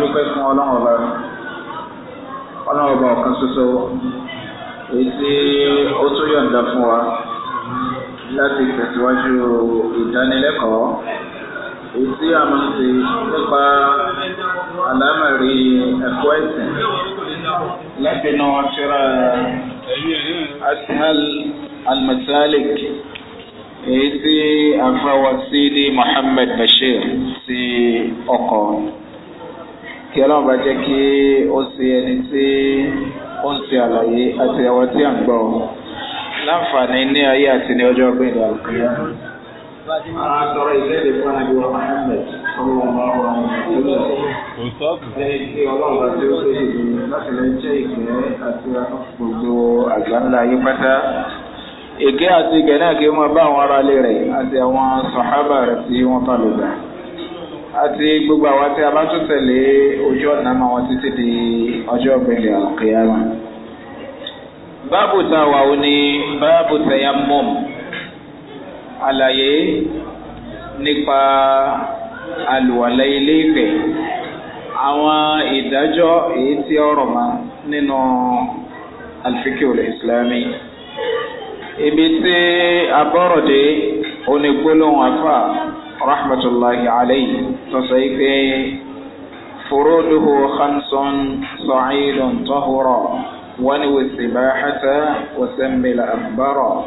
dúpẹ́ fún ọlọ́run ọba ọlọ́run ọba ọ̀kan ṣoṣo èyí tí ó tún yọ̀ǹda fún wa láti tẹ̀síwájú ìdánilẹ́kọ̀ọ́ èyí tí a máa ń ṣe nípa àlámẹ̀rí ẹ̀kọ́ ẹ̀sìn lẹ́bìnú ọ̀ṣẹ́ra asihal almasalik èyí tí àfáwà sí ní muhammed bashir sí ọkọ̀ kí ọlọ́run bá jẹ́ kí ó ṣe ẹni tí ó ń ṣe àlàyé àti àwọn tí à ń gbọ́ láǹfààní ní ayé àti ní ọjọ́ ọgbìn ìlú àlùkìyà. Àwọn àtọrọ ìlédè fún àbí wa Mohammed ọmọ ọmọ ọmọ ìlú ẹ̀ kí ọlọ́run bá tí ó ṣe ìlú láti lè jẹ́ ìgbẹ́ àti gbogbo àgbáńlá yín pátá. Ìgẹ́ àti ìgẹ̀ náà kí wọ́n bá àwọn aráalé rẹ̀ àti àwọn sọ̀hábà rẹ̀ tí wọ́n àti gbogbo àwọn tí a bá tún tẹ̀lé ojú ọ̀nà máa wọn títí di ọjọ́ ọ̀gbìnlẹ̀ àkèyàmà. báàbù tá a wà ó ní báàbù tẹ̀yà mọ́m àlàyé nípa àlùwàlá ilé ìfẹ́ àwọn ìdájọ́ èyí tí ọ̀rọ̀ ma nínú alfikul islami ibi tí abọ́rọ̀dé onígbólóhùn afáà. رحمة الله عليه تصيف فروده خمس صعيد طهرا ونو السباحة وسم الأكبر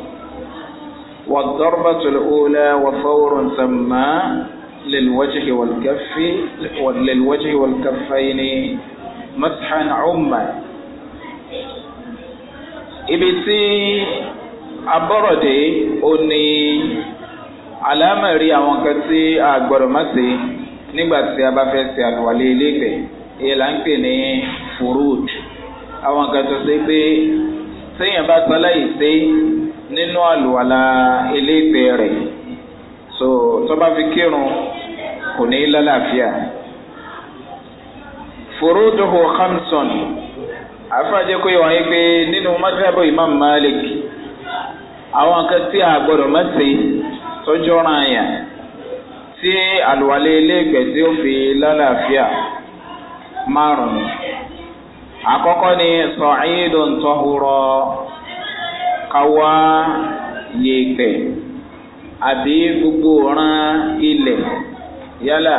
والضربة الأولى وفور سما للوجه والكف للوجه والكفين مسحا عما ابتي أبردي أني àlámà ri àwọn kan tí a gbọ́dọ̀ má ṣe nígbà tí a bá fẹ́ ṣe àlùwalé ilégbè èyí là ń pè ní furud àwọn kan tó ṣe pé sẹ́yìn bá sáláyè ṣe nínú àlùwalá ilégbè rẹ̀ so tó bá fi kírun kò ní lálàáfíà furuduhu khamson àfàjẹ́ kó yẹ wáyé pé nínú madhabu imam malik àwọn kan tí a gbọ́dọ̀ má ṣe. tọjọọ ọ̀ràn anya tí àlùwalé iléègbè tí ó fi lálàáfíà márùn-ún. àkọ́kọ́ ni sọ̀ọ́yìndò ń káwá yèèpẹ̀ àbí gbogbo ọ̀ràn ilẹ̀ yálà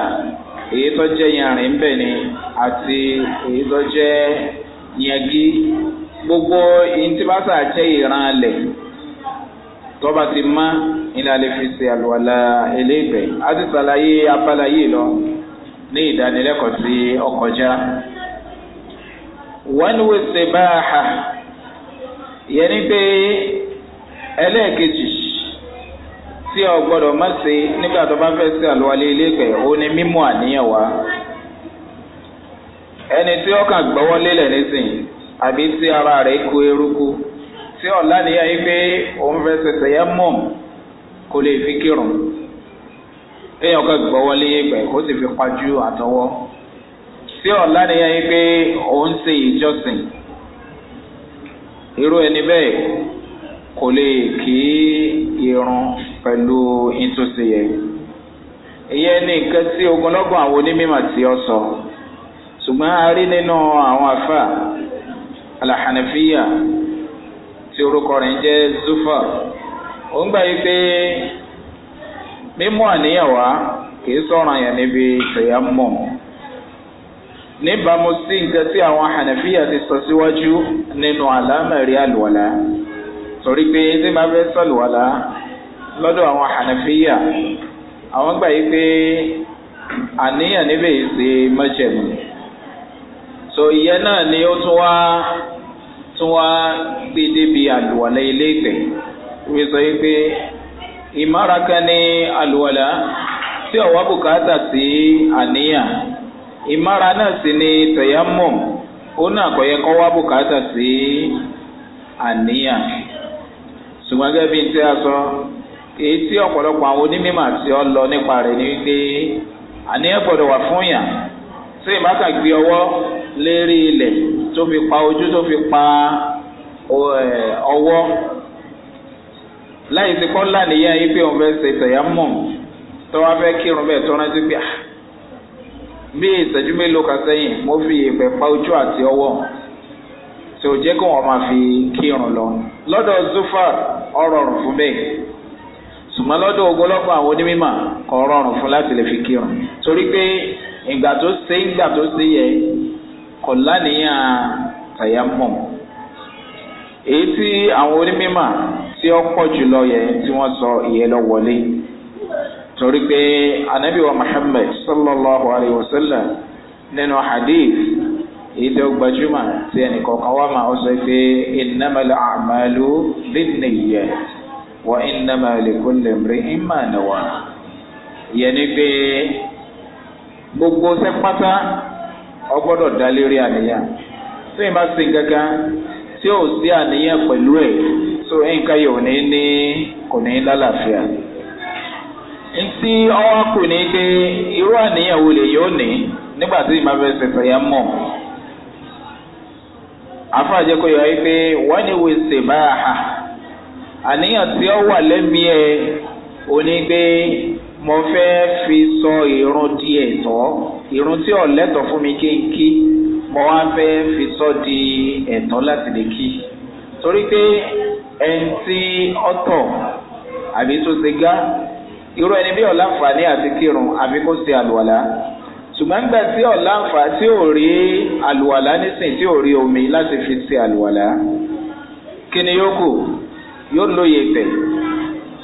èyí tó jẹ́ yanrìn ń ni àti èyí tó jẹ́ gbogbo jẹ́ T'ọba ti ma ilé alẹ́ fi ṣe àlùwàlà eléègbé a ti ṣàlàyé abala yìí lọ ní ìdánilẹ́kọ̀ọ́ tí ọkọjá. wọ́n ní wèsè bá a hà yẹn ní pé ẹlẹ́ẹ̀kejì tí ọ gbọdọ má ṣe nígbà tó bá fẹ́ ṣe àlùwàlà eléègbé ó ní mímú àníyàn wá. ẹni tí ọkàn gbọ́wọ́ lélẹ̀ nísìnyí àbí tí ara rẹ̀ kú eruku. tí ọ̀la nìyà yìí pé òun fẹ́ ṣẹṣẹ yẹ mọ̀ kó lè fi kírun èèyàn kan gbọ́wọ́lé ìgbẹ́ kó sì fi pajú àtọwọ́ tí ọ̀la nìyà yìí pé òun ṣe ìjọsìn irú ẹni bẹ́ẹ̀ kò lè kí irun pẹ̀lú ìtúnṣe yẹ ìyẹn ní nǹkan tí ogunlọ́gbọ̀n àwọn onímọ̀ tí ọ sọ ṣùgbọ́n a rí nínú àwọn àfà alàhànàfíyà. tí orúkọ rẹ̀ ń jẹ́ zufa ó ń gbà yí pé mímú àníyàn wá kì í sọ̀rọ̀ àyàn níbi ìṣẹ̀yà mọ̀ níbàámu sí nǹkan tí àwọn hànàfíà ti sọ síwájú nínú àlámẹ̀rí àlùwàlá torí pé tí máa fẹ́ sọ̀lùwàlá lọ́dọ̀ àwọn hànàfíà àwọn gbà yí pé àníyàn níbẹ̀ yìí ṣe mọ́jẹ̀mú so ìyẹn náà ni ó tún wá. tí wọ́n bi débi ile ilé ìgbẹ́ wọ́n sọ pé ìmáraka ní àlùwàlá tí ọ̀wá bùkátà sí àníyàn imara na ni tẹ̀yámọ̀ òun náà kọ̀ yẹ kọ́ wá bùkátà sí àníyàn ṣùgbọ́n ti n a sọ èyí tí ọ̀pọ̀lọpọ̀ àwọn onímọ̀ àti ọlọ nípa rẹ̀ ni wípé àníyàn gbọ́dọ̀ wà fún tí ìbá kà gbé ọwọ́ lérí ilẹ̀ tó fi pa ojú tó fi pa ọwọ́ láyìí ti kọ́ lánìyàn yìí pé òun fẹ́ ṣe tẹ̀yàmọ̀ tó wá fẹ́ kírun bẹ́ẹ̀ tó rántí pé ah, bí ìṣẹ́jú mélòó kan sẹ́yìn mo fi ìpẹ́ pa ojú àti ọwọ́ tí ò jẹ́ kó wọn máa fi kírun lọ lọ́dọ̀ zufar ọ rọrùn fún bẹ́ẹ̀ ṣùgbọ́n lọ́dọ̀ ogunlọ́pọ̀ àwọn onímọ̀ kò rọrùn fún láti lè fi kírun torí pé ìgbà tó ṣe ìgbà tó ṣe yẹ kò lánìyàn tàyámọ̀ èyí tí àwọn onímọ̀ tí ó pọ̀ jùlọ yẹ tí wọ́n sọ ìyẹn lọ wọlé torí pé anabi wa muhammed sallallahu alayhi wa sallam nínú hadith èyí tó gbajúmọ̀ tí ẹnìkan kan wá máa sọ pé ìnáma àmàlú bínìyẹ wà ìnáma lè kó lè rí ìmọ̀ náà wà yẹn ni pé. gbogbo sẹ́pátá ọgbọdọ dá àníyàn tí ìbá ṣe gángan tí ò sí àníyàn pẹ̀lú ẹ̀ tó nǹkan yìí ò ní ní kò ní lálàáfíà. ntí ọwọ́ kù ní pé irú àníyàn wo lè yóò ní nígbà tí ìbá fẹ́ ṣẹ̀ṣẹ̀ mọ̀. àfàjẹ́ kò yọ pé wọ́n ní wọ́n ṣe hà àníyàn mo fẹ́ fi sọ irun di ẹ̀tọ́ irun tí ò lẹ́tọ̀ fún mi kéńké mo wá fẹ́ fi sọ di ẹ̀tọ́ láti lè kí torí pé ẹni tí ọ̀tọ̀ àbí tó ṣe gá irú ẹni bí ọ̀la nfààní àti kírun àbí kó ṣe àlùwàlá ṣùgbọ́n nígbà tí ọ̀la nfà tí ò rí àlùwàlá nísìnyí tí ò rí omi láti fi ṣe àlùwàlá kí ni yóò kù yóò lóye tẹ̀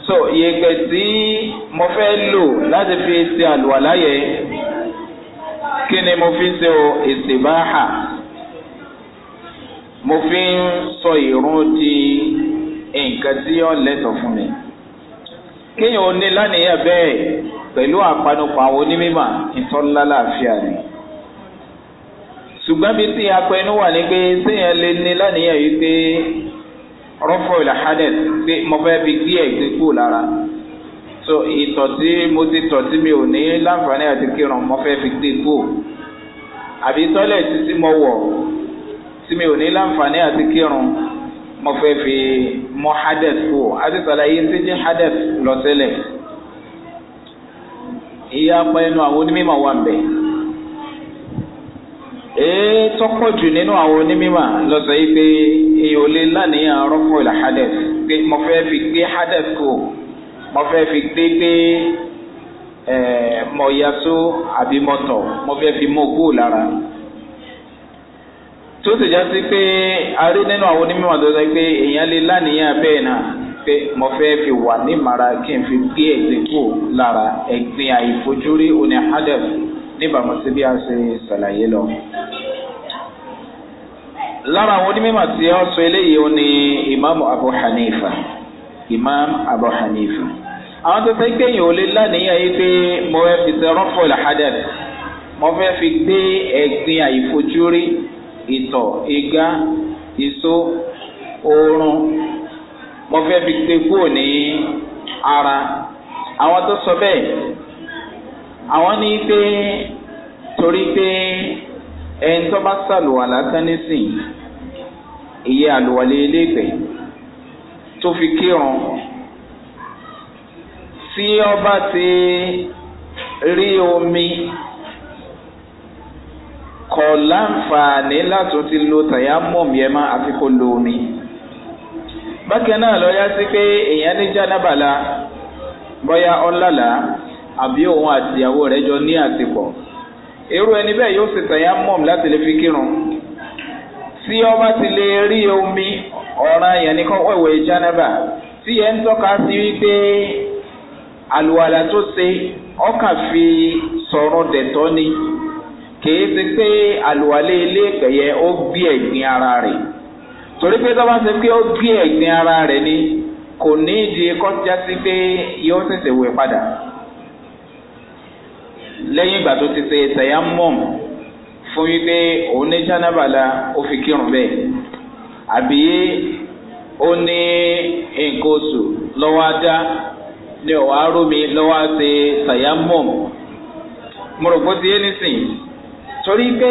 so ìyẹ̀pẹ̀ tí mo fẹ́ lò láti fi ṣe àlùwàlá yẹn kí ni mo fi ṣe o ìsìbáhà mo fi ń sọ ìrún di nǹkan tí ó lẹ́tọ̀ fún mi kéèyàn ò ní lánìyàn bẹ́ẹ̀ pẹ̀lú àpanupọ̀ àwọn onímọ̀ ìtọ́lá láàfíà ni ṣùgbọ́n bí tí apẹnu wà ní pé séèyàn lè ní lánìyàn yìí pé rọ́fọ̀ ìlà hadet pé mo fẹ́ fi gbé ẹ̀gbin kúrò lára so ìtọ̀ tí mo ti tọ̀ tí mi ò ní láǹfààní àti kírun mo fẹ́ fi gbé kúrò àbí tọ́lẹ̀ títí mo wọ̀ tí mi ò ní láǹfààní àti kírun mo fẹ́ fi mọ hadet kúrò àti sàlàyé tí jẹ́ hadet lọ sílẹ̀ ìyá apá ẹnu àwọn onímọ̀ wà ń ee tọkọ jù nínú àwọn onímọ̀ lọ́sọ̀ yìí pé èèyàn ò lè lánìyàn rọ́pò ìlà hadef pé mo fẹ́ fi gbé hadef kù mo fẹ́ fi gbé pé mọ̀ yasó mo fi lára tó já sí pé a rí nínú àwọn onímọ̀ tó sọ pé èèyàn lè bẹ́ẹ̀ náà pé mo fi wà nímàrà kí n fi gbé ẹ̀sìn kù lára àìfojúrí oní níbàámu sí bí a ṣe ṣàlàyé lọ. lára àwọn onímọ̀ tí ó sọ eléyìí ó ní imam abu hanifa imam abu hanifa àwọn tó fẹ́ gbẹ̀yìn ò lè lánìyàn yìí pé mo fẹ́ fi ṣe rọ́pò làhádà mo fẹ́ fi gbé ẹ̀gbin àìfojúrí ìtọ̀ ìgá ìso oorun mo fẹ́ fi gbé kúrò ní ara àwọn tó sọ bẹ́ẹ̀ àwọn ní pé torí pé ẹni tó bá sàlùwàlá tán nísìn ìyẹ́ àlùwàlé iléègbè tó fi kírun tí ọba ti rí omi kọ̀ láǹfààní láti ti lo tàyámọ̀m yẹn má àfi kó lo omi. bákan náà lọ yá sí pé èèyàn ní jánábàlà bọ́yá ọ̀làlà àbí òun àti ìyàwó rẹ̀ jọ ní àtìpọ̀ irú ẹni bẹ́ẹ̀ yóò ṣe tẹ̀yà mọ́m láti lè fi kírun tí ọba ti lè rí omi ọ̀ràn yẹn nìkan wẹ̀wẹ̀ ìjánábà tí yẹn ń tọ́ka sí wípé àlùwàlà tó ṣe ọkà fi sọ̀rọ̀ dẹ̀tọ́ ni kìí ṣe pé àlùwàlà ilé ìpẹ̀yẹ ó gbé ẹ̀gbin ara rẹ̀ torí pé tọ́ba ṣe pé ó gbé ẹ̀gbin ara rẹ̀ ni kò ní ìdí kọjá sí pé yóò ṣẹ̀ṣẹ̀ wẹ̀ padà lẹ́yìn ìgbà tó ti ṣe tayamom fún wípé òun ní janabala ó fi kírun bẹ́ẹ̀ àbí ó ní nǹkan oṣù lọ́wọ́ ajá ní ọ̀wá rómi lọ́wọ́ ṣe tayamom mo rò pé ó ti yé nísìnyí torí pé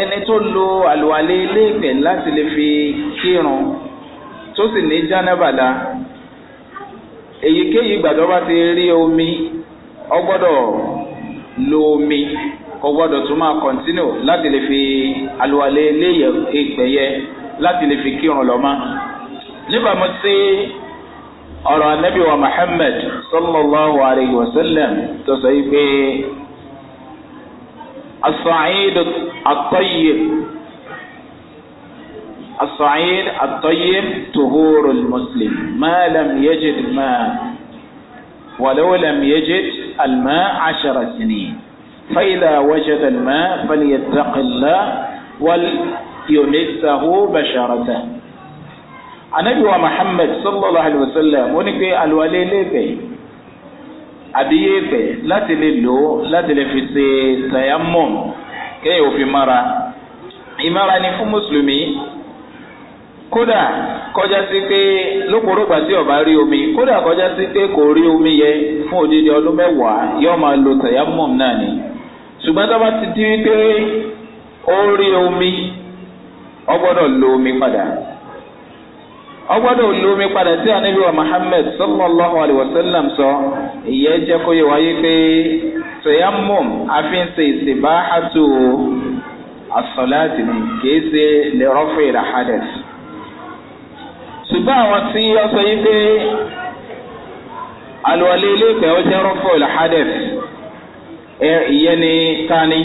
ẹni tó lo àlùwalẹ̀ iléèpẹ̀ láti lè fi kírun tó sì ní janabala èyíkéyìí ìgbà bá ti rí omi ọgbọ́dọ̀ lo omi kò gbọ́dọ̀ tún máa kọ̀ntínú láti lè fi àlùwalẹ̀ eléyẹ ìgbẹ̀yẹ láti lè fi kírun lọ́mọ. níbàámu sí ọ̀rọ̀ anabi wa muhammed sallallahu alayhi wa sallam tó sọ yìí pé asọ̀cìd àtọ́yìb asọ̀cìd àtọ́yìb tuhurul muslim maalam yajid maa. ولو لم يجد الماء عشر سنين فإذا وجد الماء فليتق الله وليمسه بشرته النبي محمد صلى الله عليه وسلم الوالي الولي لبي أبيبي لا تللو لا تلفسي تيمم كي في مرة إمارة نفو مسلمي كده kọjá sí pé lóporógbà tí ọba rí omi kódà kọjá sí pé kò omi yẹ fún odidi ọdún mẹ́wàá yóò máa lo tẹ̀yámọ̀m náà ni ṣùgbọ́n tó bá ti di wípé ó omi ọ gbọ́dọ̀ lo omi padà ọ gbọ́dọ̀ lo omi padà tí anabi wa muhammed sallallahu alayhi wa sọ ìyẹn jẹ́ kó yẹ wáyé pé tẹ̀yámọ̀m àfihàn ṣe ìsìnbá àtò ni kì í ṣe lè rọ́fẹ̀ẹ́ ṣùgbọ́n àwọn tí ó sọ yìí pé alùwàlẹ̀ ilé ìpẹ́ ọjọ́ rọ́fọ̀ ìlàhádẹ́f ẹ ìyẹn ni tani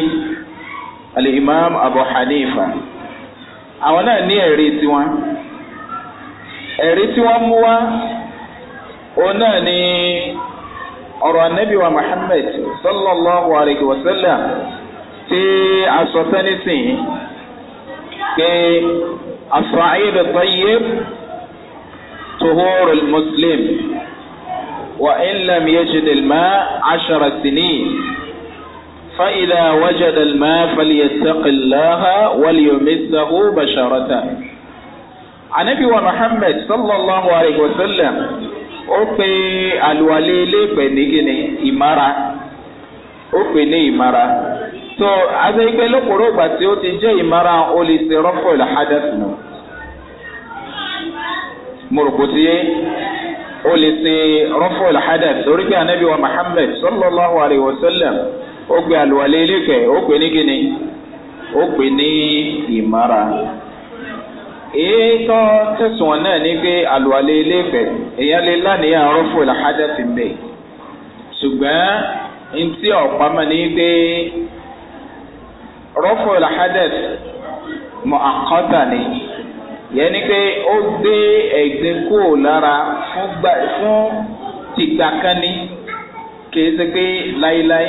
alimam abu hanifa àwọn náà ní ẹ̀rí tiwọn ẹ̀rí tiwọn mú wá òun náà ni ọ̀rọ̀ anabi wa muhammed sallallahu alayhi wa sallam tí a sọ pé asọ̀ ayé bẹ̀ tọ́ yé. طهور المسلم وإن لم يجد الماء عشر سنين فإذا وجد الماء فليتق الله وليمسه بشرته عن أبي محمد صلى الله عليه وسلم أوكي الولي لبنيكني إمارة أوكي نيمارة تو أذيك لقروبة يوتي جاي إمارة أولي سيرفو الحدث نو mùrùkùtìyé o lè ṣe rọ́fọ̀ alhadad torí pé anabi wa muhammed sallallahu alayhi wa sallam ó gbé àlùwalẹ̀ ilékè ó pè ní kíni ó pè ní ìmára èyí tó tẹ̀sùn wọn náà ní pé àlùwalẹ̀ ilékè èèyàn lánìyàn rọ́fọ̀ alhadad ti mbẹ́ ṣùgbọ́n ntí ọ̀pá mọ̀ pé rọ́fọ̀ alhadad mọ̀ àkọ́tà ni yẹn ni pé ó gbé ẹ̀gbin kúrò lára fún gbà fún tìgbà kan ní kìí ṣe pé láíláí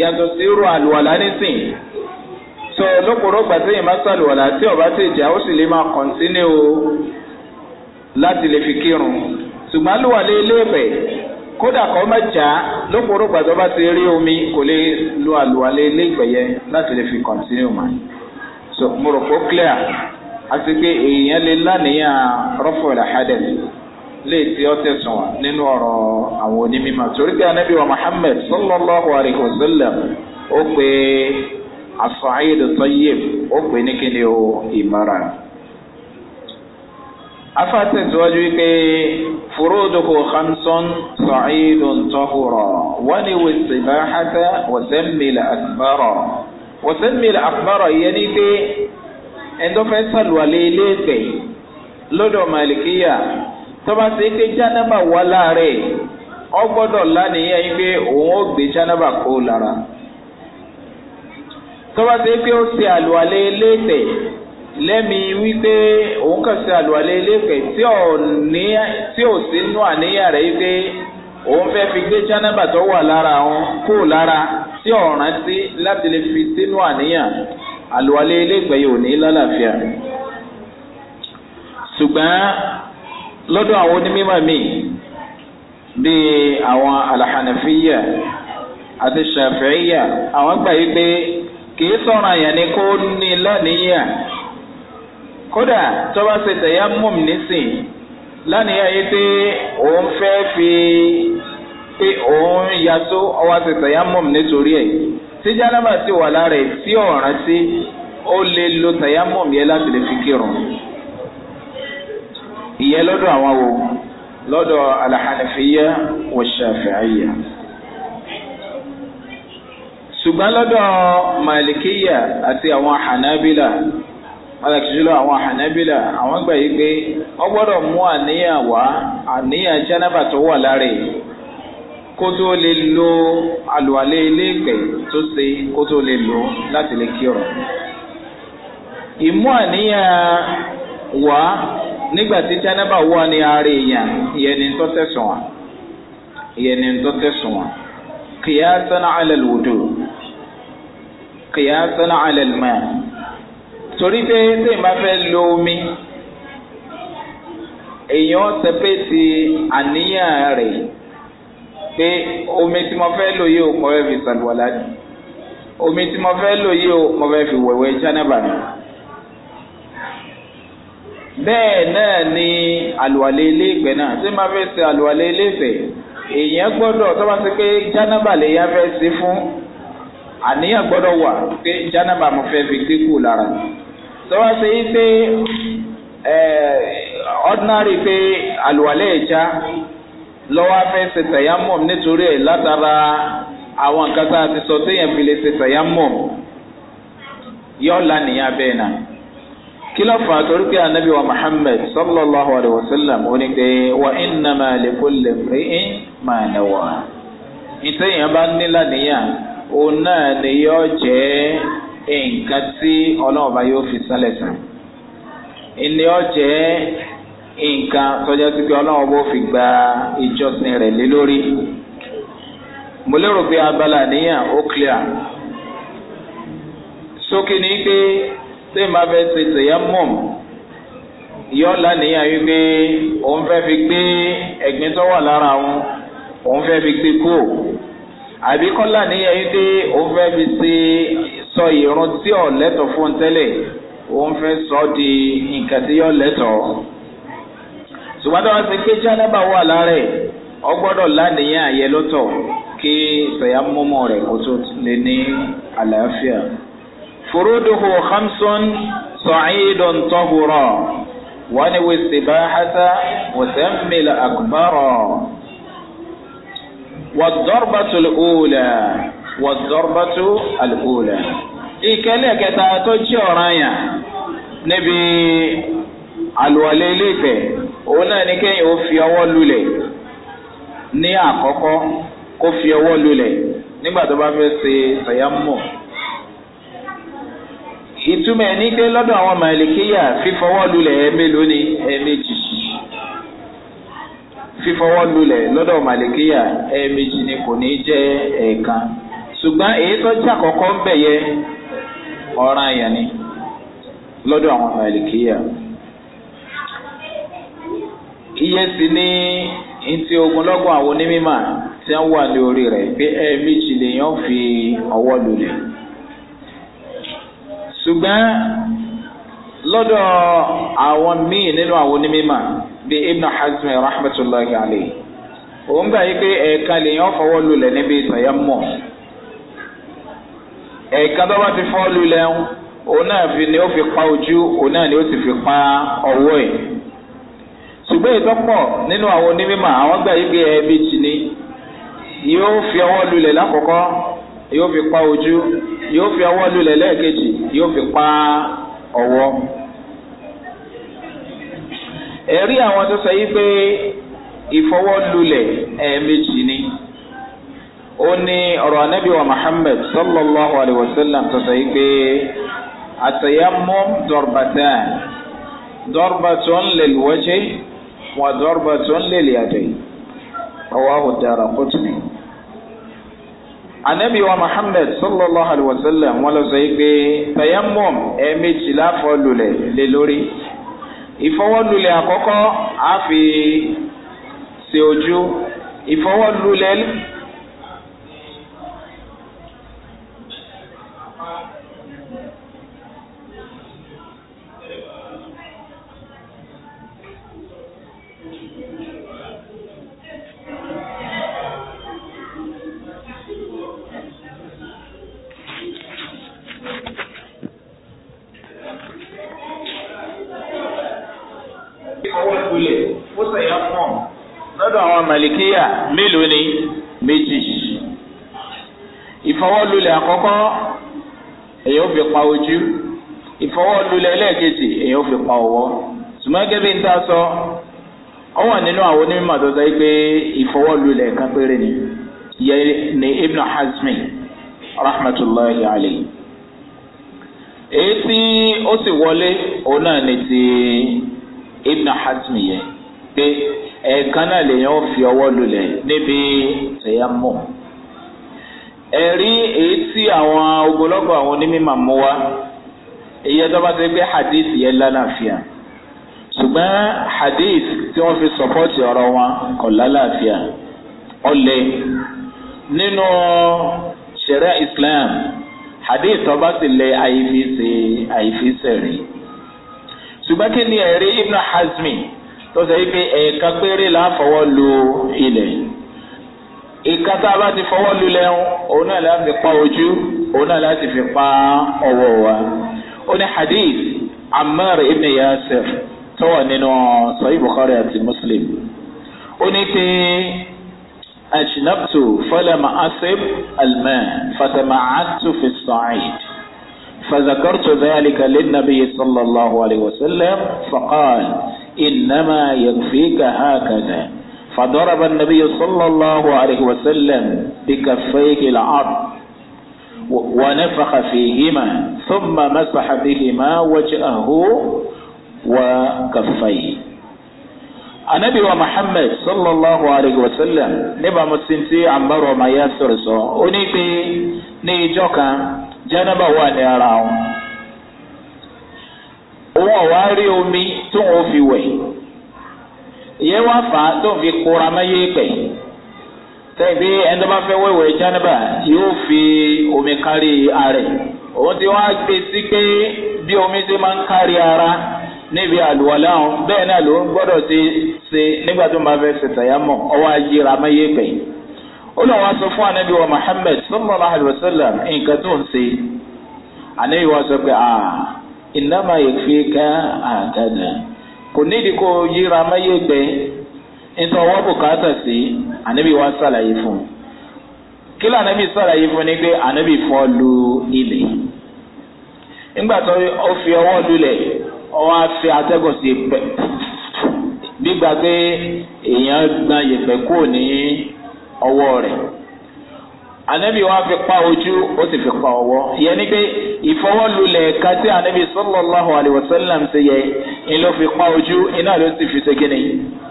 yàtọ̀ sí irú àlùwàlá nísìn so lóporó gbà téèyàn bá sàlùwàlá tí ọba tí ìjà ó sì lè máa kọ̀ǹtínú o láti lè fi kírun ṣùgbọ́n àlùwàlá iléèbẹ̀ kódà kọ́ má jà lóporó gbà tó bá ti rí omi kò lè lo àlùwàlá iléèbẹ̀ yẹn láti lè fi kọ̀ǹtínú mà so mo rò pé ó clear àti pé èèyàn lè lánìyàn rọ́fọ̀ ìlàhádẹ̀ lè tí ó tẹ̀sùn wá nínú ọ̀rọ̀ àwọn onímọ̀ torí pé anabi wa muhammed sallallahu alayhi wa sallam ó pe asọ́ayédè tọ́yẹ̀m ó pe ní kíni o ìmọ̀ràn. afa tẹ̀síwájú pé furuudukú khamson sọ̀ciidun tọ́hùrọ̀ wọ́n ni wọ́n sẹ́mi la akbárọ̀ wọ́n sẹ́mi la akbárọ̀ yẹn ni pé. ẹ̀ńdọ́fẹ́ sàlùwàlẹ̀ eléèpẹ̀ lọ́dọ̀ màlìkíyà tọ́ba ṣe pé jánábà wà láàárẹ̀ ọ gbọ́dọ̀ lánìyàn yín pé òun ó gbé jánábà kó lára tọ́ba ṣe pé ó ṣe àlùwàlẹ̀ eléèpẹ̀ lẹ́mi wípé òun kàn ṣe àlùwàlẹ̀ eléèpẹ̀ tí ò sínú àníyàn rẹ̀ wípé òun fẹ́ fi gbé jánábà tó wà lára òun kó lára tí ọ̀ràn sí láti lè fi sínú àníyàn àlùwalé ilégbèé ò ní lálàáfíà ṣùgbọ́n lọ́dọ̀ àwọn onímọ̀ mi bíi àwọn alahànàfíyà àti ṣàfẹ́yà àwọn gbà yí pé kìí sọ̀rọ̀ àyàn ni kó ní lọ́nìyà kódà tó bá ṣe tẹ̀yà mọ̀m nísìn lọ́nìyà yí pé òun fẹ́ fi pé òun yàtọ̀ ọwọ́ ṣe tẹ̀yà mọ̀m nítorí ẹ̀ tí jánábà ti wà lára ẹ̀ tí ọ̀ràn sí ó lè lo tàyámọ̀mù yẹn láti lè fi kírun ìyẹn lọ́dọ̀ àwọn wo lọ́dọ̀ alahànàfíyà wọ ṣàfihàyà ṣùgbọ́n lọ́dọ̀ màlìkíyà àti àwọn hànábìlà pàtàkì jùlọ àwọn hànábìlà àwọn gbà yí pé wọ́n gbọ́dọ̀ mú àníyàn wá àníyàn jánábà tó wà lára ẹ̀ kó tó lè lo àlùwalé iléèpẹ̀ tó ṣe kó tó lè lò láti lè kí ọ̀rọ̀. ìmú àníyàn wá nígbà tí chanaba wà ní ara èèyàn ìyẹn tó tẹ̀sùn wá ìyẹn tó tẹ̀sùn wá kìyà sánà alẹ́ lòdò kìyà sánà alẹ́ lòmọ́ torí pé tí n fẹ́ lo omi èèyàn sẹpẹ́ ti àníyàn rẹ̀ pé omi tí mo fẹ́ lò yìí o mo fẹ́ fi sàlùwàlá ni omi tí mo fẹ́ lò yìí o mo fẹ́ fi wẹ̀wẹ̀ jánàbà ni. bẹ́ẹ̀ náà ni àlùwàlẹ̀ iléèfẹ̀ náà tí mo fẹ́ ṣe àlùwàlẹ̀ iléèfẹ̀ èèyàn gbọ́dọ̀ tó bá pé jánàbà lè yá fẹ́ sí fún àníyàn gbọ́dọ̀ wà pé jánàbà mo fẹ́ fi dínkù lára tó ṣe yí pé ordinary pé àlùwàlẹ̀ ìjà lọ́wọ́ afẹ́ ṣe tẹ̀yámọ̀m nítorí ẹ̀ látara àwọn nǹkan tá a ti sọ téèyàn fi lè ṣe tẹ̀yámọ̀m yóò nìyá bẹ́ẹ̀ náà kí ló fà á torí pé anabi wa muhammed sallallahu alayhi wa sallam ó ní pé wa innama li kulli mri'in ma nawa ìtẹ̀yìn bá ní lánìyàn òun náà ni yóò jẹ́ nǹkan tí ọlọ́ọ̀bá yóò fi sálẹ̀ sàn ìní ọ̀jẹ̀ nǹkan tọ́jà sí pé ọlọ́run bó fi gba ìjọsìn rẹ̀ lé lórí mo lérò pé abala níyàn ó clear sókè ní pé tí n bá fẹ́ ṣe tẹ̀yà mọ̀ yọ lánìyàn wípé òun fẹ́ fi gbé ẹ̀gbin tó wà lára òun òun fẹ́ fi gbé kú àbí kọ́ lánìyàn wípé òun fẹ́ fi ṣe sọ ìrún tí lẹ́tọ̀ fún tẹ́lẹ̀ òun fẹ́ sọ di nǹkan tí yọ ṣùgbọ́n wá sí pé jánábà wà lára ẹ̀ ọ gbọ́dọ̀ lánìyàn àyẹ lọ́tọ̀ kí sẹ̀yàmọ́mọ́ rẹ̀ kó tó lè ní àlàáfíà. furuduhu hamsun sọ̀cídùn tọ́hùrọ̀ wọ́n ni wìsìbáhásá wùsẹ́mìlì àkùbárọ̀ wàdọ́rbàtú lùúlà wàdọ́rbàtú àlùúlà. ìkẹlẹ̀ kẹta tó jẹ́ ọ̀ràn níbi àlùwalẹ̀ ilé òun náà ni kéèyàn ó fi ọwọ́ lulẹ̀ ní àkọ́kọ́ kó fi ọwọ́ lulẹ̀ nígbà tó bá fẹ́ ṣe ìtumọ̀ ẹ̀ ní pé lọ́dọ̀ àwọn màlìkéyà fífọwọ́ lulẹ̀ ni fífọwọ́ lulẹ̀ lọ́dọ̀ màlìkéyà ni kò ní jẹ́ ẹ̀ẹ̀kan ṣùgbọ́n èyí tó jẹ́ àkọ́kọ́ ń ọ̀ràn àyàn ni lọ́dọ̀ àwọn iye sì ní ntí ogunlọ́gbọ̀n àwọn onímọ̀ tí wọ́n wà lórí rẹ̀ pé ẹ̀ẹ́mẹ́jì lèèyàn fi ọwọ́ lulẹ̀. ṣùgbọ́n lọ́dọ̀ àwọn míì nínú àwọn onímọ̀ bíi ibn hazmi rahmatulahi alayhi òun gbà yí pé ẹ̀ẹ̀ka lèèyàn fọwọ́ lulẹ̀ níbi ìtàyàmọ̀ ẹ̀ẹ̀ka tó bá ti fọ́ lulẹ̀ òun náà ni ó fi pa ojú òun náà ni ó sì fi pa ọwọ́ ẹ̀ ṣùgbọ́n ètò pọ̀ nínú àwọn onímọ̀ àwọn gbà yìí pé ẹ̀ẹ́mẹ́jì ni yóò fi ọwọ́ lulẹ̀ lákọ̀ọ́kọ́ yóò fi pa ojú yóò fi ọwọ́ lulẹ̀ lẹ́ẹ̀kejì yóò fi pa ọwọ́. ẹ̀rí àwọn tó sọ yìí pé ìfọwọ́ lulẹ̀ ẹ̀ẹ́mẹ́jì ni ó ní ọ̀rọ̀ anábì wa muhammed sallallahu alayhi wa sallam tó sọ yìí pé àtẹ̀yàmọ́ dọ̀rọ̀bàtà dọ̀rọ̀bàtà ń lè lùwọ́jẹ́. وضربة لليدين رواه الدار قطني anabi wa muhammed sallallahu alaihi wa sallam wọn lọ sọ yìí pé tayammum ẹ̀ẹ̀mejì láfọ lulẹ̀ lé lórí ìfọwọ́lulẹ̀ àkọ́kọ́ àfi ṣe ojú ìfọwọ́lulẹ̀ ìfọwọ́lulẹ̀ àkọ́kọ́ èyàn ò fi pa ojú ìfọwọ́lulẹ̀ ẹlẹ́ẹ̀kejì èyàn ò fi pa ọwọ́ ṣùgbọ́n gẹ́gẹ́ bí sọ ọ wà nínú àwọn onímọ̀ tó sọ pé ìfọwọ́lulẹ̀ kan péré ni yẹ ni ibn hazmi rahmatulahi alayhi èyí tí ó sì wọlé òun náà ni ti ibn hazmi yẹn pé ẹ̀ẹ̀kan náà lèèyàn fi ọwọ́ lulẹ̀ níbi tẹ̀yà ẹ̀rí èyí tí àwọn ogunlọ́gọ̀ àwọn onímọ̀ mú wa èyí ẹjọ́ bá ti rí hadith yẹn lálàáfíà ṣùgbọ́n hadith tí wọ́n fi sọ́pọ́tì ọ̀rọ̀ wọn kò lálàáfíà ọ̀lẹ́ nínú sẹ̀rẹ̀ islam hadith ọba sì lẹ àìfíṣẹ̀ rí ṣùgbọ́n kí ni ẹ̀rí ibn hazmi tó sọ yìí pé ẹ̀ka péré láfọwọ́ lu ilẹ̀ yìí ìka tá a bá ti fọwọ́ lulẹ̀ ń òun náà láti fi pa ojú òun náà láti fi pa ọwọ́ wa. ó ní hadith amar ibn yasir tó wà nínú sahih bukhari àti muslim. ó ní pé ajinabtu falama asib alma fatamacatu fi sa'id. فذكرت ذلك للنبي صلى الله عليه وسلم فقال إنما يكفيك هكذا فضرب النبي صلى الله عليه وسلم بكفيه العرض ونفخ فيهما ثم مسح بهما وجهه وكفيه anabi wa muhammed sallallahu alayhi wa sallam níbà mo ti ti àmbárò ọmọ ayé sọ̀rọ̀ sọ ó ní pé ní ìjọ kan jẹ́nàbà wà ní ara wọn òun ọ̀wá rí omi tó ń fi wẹ̀ ìyẹn wá fà á tó fi kóra mẹ́yẹ pẹ̀ tẹ̀bí ẹni tó bá fẹ́ wẹ̀wẹ̀ jẹ́nẹ́bà yóò fi omi kárí ààrẹ òun ti wá gbé sí pé bí omi ti máa ń kárí ara níbi àlùwalẹ̀ àwọn bẹ́ẹ̀ náà ló ń gbọ́dọ̀ ti ṣe nígbà tó máa fẹ́ ṣètàyà mọ̀ ọwọ́ ayéra mẹ́yẹ pẹ̀ ó lọ wá sọ fún anabi wa muhammed sallallahu alayhi nǹkan tó ń ṣe anabi wa sọ pé ah ìnáma yẹ fi ká àtàdà kò nídìí kó yíra máyé gbẹ nítorí wọn bùkátà sí ànábì wa sàlàyé fún un kí lóò ànábì sàlàyé fún un ni pé ànábì fọ́ lu ilẹ̀ nígbà tó ó fi ọwọ́ lulẹ̀ ọwọ́ á fi atẹ́gùn sí pẹ́ gbígbà pé èèyàn gbọ́n yẹ̀pẹ̀ kúrò ní ọwọ́ rẹ̀ anabi wa fi pa ojú ó sì fi pa ọwọ́ yẹn ni pé ìfọwọ́lulẹ̀ kan tí anabi sallallahu alayhi wa sallam ṣe yẹ ni ló fi pa ojú iná ló sì fi segin ni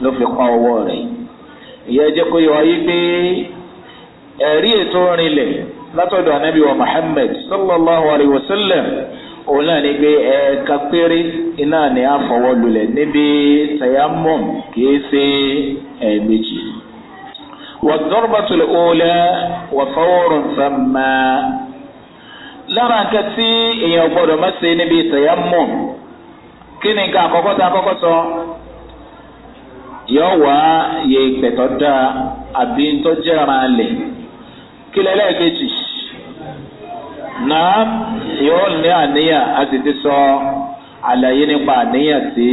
ló fi pa ọwọ́ rẹ̀ ìyẹn jẹ́ kó yọ ayé pé ẹ̀rí ètò rinlẹ̀ látọ̀dọ̀ anabi wa muhammed sallallahu alayhi wa sallam òun náà ni pé ẹ̀ẹ̀ka péré iná ni àfọwọ́lulẹ̀ níbi tayammum kìí ṣe ẹ̀ẹ̀mejì. والضربة الأولى وفور سما lára nǹkan tí èèyàn gbọdọ̀ má ṣe níbi ìtẹ̀yàmọ̀ kí ni nǹkan àkọ́kọ́ tá a kọ́kọ́ sọ yọ wá yẹ ìpẹ̀tọ́ dá àbí tó jẹ́ ara lẹ̀ kí lẹ́lẹ́ kejì náà ní àníyàn a sì ti sọ àlàyé nípa àníyàn tí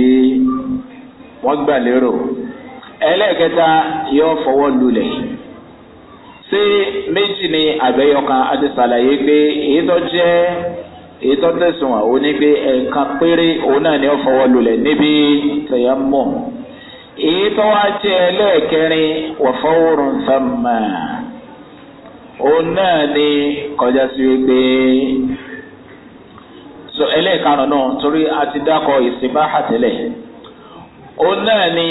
wọ́n gbà lérò. ẹlẹ́ẹ̀kẹta yọ fọwọ́ lulẹ̀ ṣé méjì ni àbẹ̀yọkan àti ṣàlàyé pé èyí jẹ́ èyí tó àwọn ní pé péré òun náà ni ọ fọwọ́ lulẹ̀ níbi tẹ̀yẹ́mọ̀ èyí wá jẹ́ ẹlẹ́ẹ̀kẹrin wọ̀fọ́wọ́rùn sàmà òun náà ni kọjá sí wípé so ẹlẹ́ẹ̀karùn náà torí a ti dákọ̀ ìsìnbá àtẹ̀lẹ̀ òun náà ni.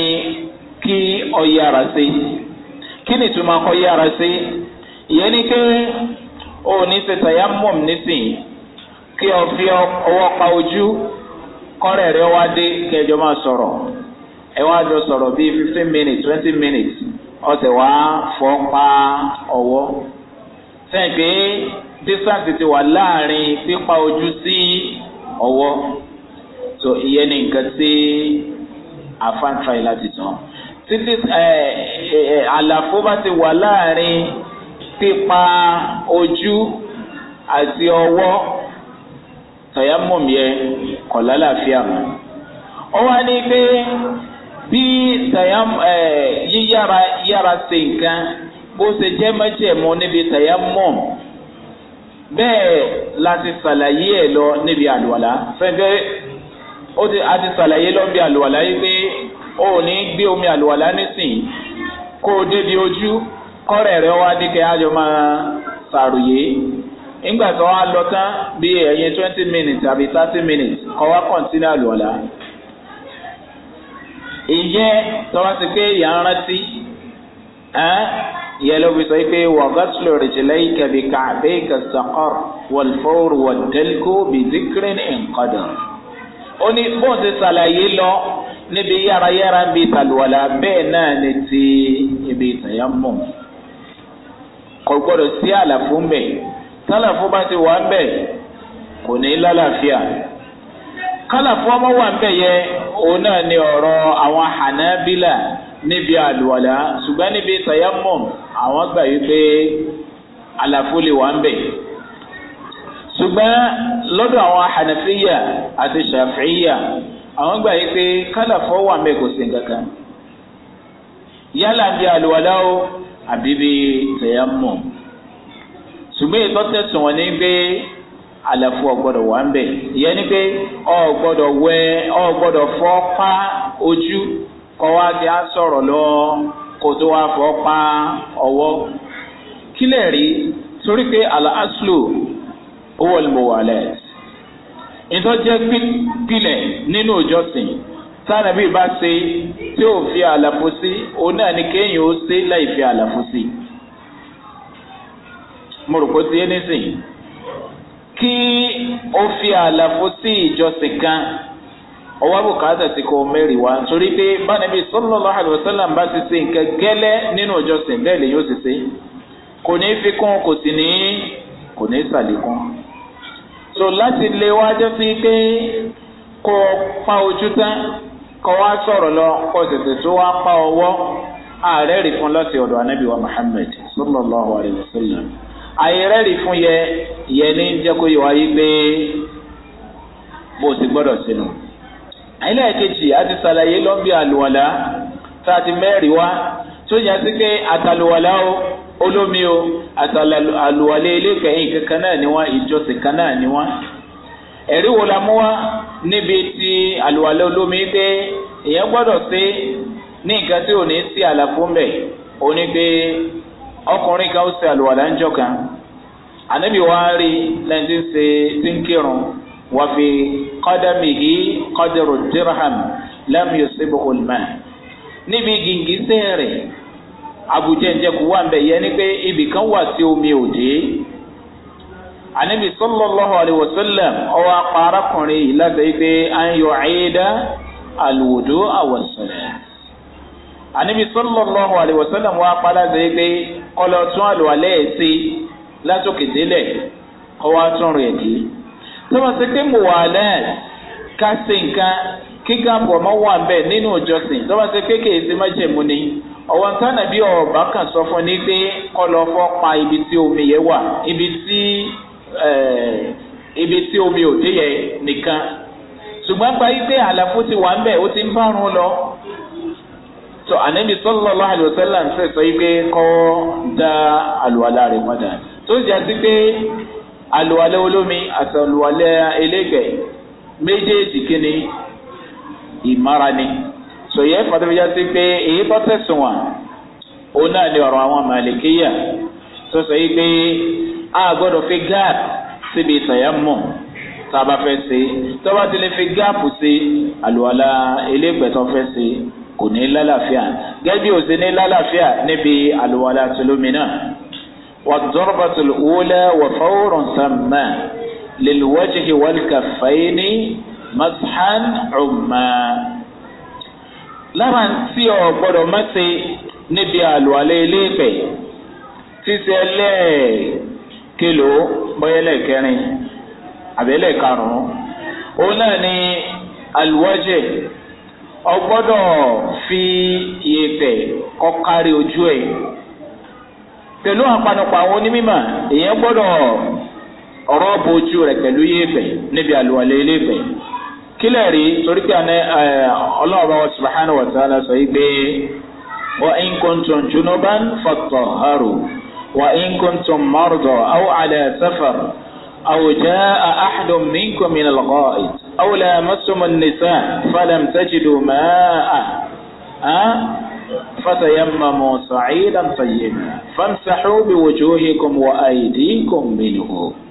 kí ọ̀yára sí kí ni ìtumọ̀ kọ́ yára sí ìyẹn ni pé o ní ṣètò ya mọ̀m nísìnyí kí o fi ọwọ́ pa ojú kọ́rẹ̀ rẹ wá dé kẹjọ máa sọ̀rọ̀ ẹ wá jọ sọ̀rọ̀ bíi fifteen minutes twenty minutes ọ̀sẹ̀ wá fọ́ pa ọwọ́ sẹ́yìn distance ti wà láàrin pípa ojú sí ọwọ́ so ìyẹn ni nǹkan tí àfáǹfà láti tàn títí àlàfo bá ti wà láàrin pípa ojú àti ọwọ́ tọ̀yámọ̀mù yẹ kọ̀ lálàáfíà mọ́. ó wá ní pé bí yíyára yára ṣe nǹkan bó ṣe jẹ́ mẹ́jẹ̀mú níbi tọ̀yámọ̀mù bẹ́ẹ̀ láti ṣàlàyé ẹ̀ lọ níbi àlùwàlá fẹ́fẹ́ ó ti ṣàlàyé lọ àlùwàlá yìí pé o ò ní gbé omi àlùwàlá nísìnyí kó o débi ojú kọ́rẹ̀ rẹ wá ní kẹ́ ayọ̀ máa sàròyé nígbà tó wá lọ tán bí ẹ̀yìn twenty minutes àbí thirty minutes kọ́ wá kọ̀ǹtínú àlùwàlá. ìyẹn tọ́wọ́ ti pé ìyá ń rántí ìyẹn ló fi sọ pé wàgásùlù rìjìlẹ̀ kẹbi kàbẹ́ kẹsàkọ́r wọ̀lfọ́rù wọ̀dẹ́lkó bìdíkìrín ẹ̀ńkọ́dọ̀. ó ní bóun ti sàlàyé lọ níbi yárayára ń bi tàlùwàlà bẹ́ẹ̀ náà ni ti ibi ìtàyà ń bọ̀ kò gbọdọ̀ sí àlàfo ń bẹ̀ tálàfo bá ti wà ń bẹ̀ kò ní lálàáfíà kálàfo ọmọ wà ń bẹ̀ yẹ òun náà ni ọ̀rọ̀ àwọn hànábílà níbi àlùwàlà ṣùgbọ́n níbi ìtàyà ń bọ̀ àwọn gbà yí pé àlàfo lè wà ń bẹ̀ ṣùgbọ́n lọ́dọ̀ àwọn hànàfíyà àti ṣàfíyà àwọn gbà yí pé kálàfọ́ wà mẹ́ kò sí kankan yálà ń bí àlùwàlá o àbí bí tẹ̀yàmọ̀ ṣùgbọ́n ètò tẹ̀sán wọn ni pé àlàfo ọ̀gbọ́dọ̀ wà ń bẹ̀ ìyẹn ni pé ọ̀gbọ́dọ̀ wẹ ọ̀gbọ́dọ̀ fọ́ pa ojú kọ́ wá bí a lọ kó tó wá fọ́ pa ọwọ́ kílẹ̀ rí torí pé àlà aslo owó ni mo wà lẹ́ẹ̀ ìtọ́jẹ́ pílẹ̀ nínú ìjọsìn tánàbí bá ṣe tí ò fi àlàfo sí òun náà ni kéèyàn ó ṣe láì fi àlàfo sí. mo rò pé ó ti yé nísìnyí kí o fi àlàfo sí ìjọsìn kan ọwọ́ bùkátà ti kò mẹ́rin wá torí pé bánibí sọlọ́lá àlùfọ́sálà bá ti ṣe nǹkan gẹ́lẹ́ nínú ìjọsìn bẹ́ẹ̀ lè yóò ṣe ṣe kò ní fi kún kò sì ní kò ní ṣàlékún so láti lè wá jẹ́ sí pé kó o pa ojú tán kó wá sọ̀rọ̀ lọ kó tètè tó wá pa ọwọ́ ààrẹ rì fún lọ́sẹ̀ ọ̀dọ̀ anábì wa muhammed sallallahu alayhi wa sallam ààrẹ rì fún yẹ yẹ ní jẹ́ kó yẹ wáyé pé bó o ti gbọ́dọ̀ sínú. àyìnlá ìkejì a ti sàlàyé lọ́nbí àlùwàlá tá a ti mẹ́rin wá tó yẹ sí pé àtàlùwàlá o olómi o àtàlùwalé elékèyìn kankan náà ni wọn ìjọsìn kan náà ni wọn ẹ̀rí wo la mú wá níbi tí àlùwalé olómi pé èèyàn gbọ́dọ̀ sí ní nǹkan tí ò ní sí àlàfo mbẹ̀ òní pé ọkùnrin kan ó ṣe àlùwalá ńjọ kan ànábì wa rí lẹ́yìn tí ń ṣe tí ń kírun wà fi kọ́dàmìhì kọ́dàrú dírhàm lẹ́mìí ọ̀sẹ̀ bọ̀kọ̀lùmá níbi gìngìsẹ́ rẹ̀ abujẹnjẹku wà nbẹ yẹn ni pé ibìkan wà tí omi ò dé anabi sallallahu alayhi wa sallam ọwọ apá arákùnrin yìí lábẹ́ yìí pé à ń yọ àyèdá àlùwòdó àwọ̀sọ̀lẹ̀ anabi sallallahu alayhi wa sallam wọ apá lábẹ́ yìí pé kọlọ tún àlùwalẹ̀ ẹ̀ sí látòkè délẹ̀ ọwọ́ atún rẹ̀ dé tọ́wọ́ pé mo wà lẹ́ẹ̀ ká kíkà bọ̀ mọ́ wà bẹ́ẹ̀ nínú ìjọsìn tọ́wọ́ sí pé kèé sí májèmú ni. ọ̀wọ́ nǹkan nàbí ọ̀bá kan sọ fún ni pé lọ pa ibi tí omi yẹn wà ibi tí eh, ibi tí omi ò dé yẹn nìkan ṣùgbọ́n gba ipe àlàfo ti wà ń bẹ̀ ó ti ń bárun lọ tó ànábi sọlọ́lá àlùsọ́lá ń fẹ́ sọ ipe kọ́ da àlùwalá rẹ̀ padà tó jà sí pé àlùwalẹ̀ olómi àti àlùwalẹ̀ elégbẹ̀ méjèèjì kíni ìmára ni. sòyẹ́ pàtàkìyà sí pé èyí tó tẹ̀sùn wà òun náà ni ọ̀rọ̀ àwọn màlìkíyà tó sọ yìí pé a gbọ́dọ̀ fi gáàpù síbi ìtàyàmọ̀ tá a bá fẹ́ ṣe tó bá ti lè fi gáàpù sí àlùwalá elégbètọ́ fẹ́ ṣe kò ní lálàáfíà gẹ́gẹ́ bí òsè ní lálàáfíà níbi àlùwalá tìlómìnà wàdúrọ̀bà tìlúwọ́lẹ̀ wàfọ́wọ́rùn sàmà lèlúwọ́jì wàlùkàfẹ́yìn ní mazhan ọ̀mà lára tí ọ gbọdọ̀ má ṣe níbi àlùwalẹ̀ iléèfẹ̀ ṣíṣe lẹ́ẹ̀kẹlò bọ́yẹ́lẹ̀ kẹrin àbẹ́lẹ̀ karùn-ún òun náà ni àlùwọ́jẹ̀ ọ gbọdọ̀ fi ìyẹ̀fẹ̀ kọ́ kárí ojú ẹ̀ pẹ̀lú àpanupọ̀ àwọn onímọ̀ èèyàn gbọdọ̀ rọ́ọ̀bù ojú rẹ̀ pẹ̀lú ìyẹ̀fẹ̀ níbi àlùwalẹ̀ iléèfẹ̀ kílẹ̀ rí torí pé àná ọlọ́ọ̀bá wa subhanahu wa ta'ala sọ yìí pé wa in kuntum junuban fattaharu wa in kuntum marda aw ala safar aw jaa'a ahadun minkum min al-gha'id aw lamastum an-nisaa falam tajidu maa'a fatayammamu sa'idan tayyiban famsahu biwujuhikum wa aydikum minhu.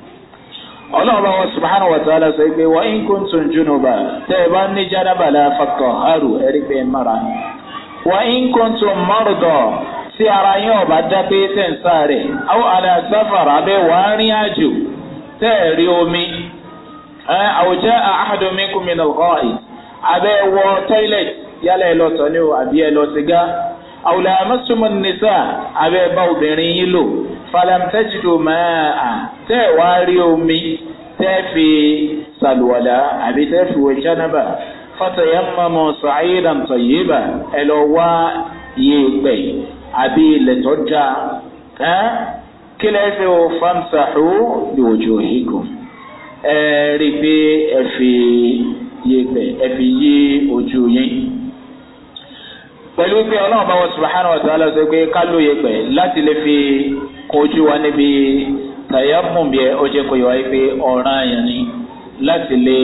ọlọ́run bá wọn subhanahu wa ta'ala sọ pé wa in kuntum junuba tẹ́ ẹ bá ní jádábà la fatahharu ẹ̀rí pé ẹ mara wa in kuntum marda tí ara yín ọba dá pé tẹ̀ ń sáré àwọn ala safar abẹ́ wàá rìn àjò tẹ́ ẹ rí omi àwùjẹ́ ahadun minkum min al-gha'i abẹ́ wọ tọ́ílẹ̀tì yálẹ̀ ẹ lọ tọ́ ni o àbí ẹ lọ sìgá àwùlẹ̀ amásùmọ̀ nìsà abẹ́ bá obìnrin yín lò falamtẹ́jìdò máa tẹ́ ẹ̀ wá rí omi tẹ́ fi sàlùwàlà àbí tẹ́ fi wẹ̀ jánábà fàtàyà mọ́mọ́ sàáyédàm tọ̀yébà ẹ lọ wá yé pẹ̀ àbí ilẹ̀ tó já kí lẹ́yìn tí o fàmsàḥù lòjò hìgùn ẹ rí i pé ẹ fi yé pẹ̀ ẹ fi yé ojú yín pẹ̀lú pé ọlọ́run bá wọn subahana wa ta'ala ṣe pé kálù yẹ pẹ̀ láti lè fi kojú wa níbi tàyẹ̀mùn bí ẹ ó jẹ́ kó yẹ wáyé pé ọ̀ràn yẹn ni láti lè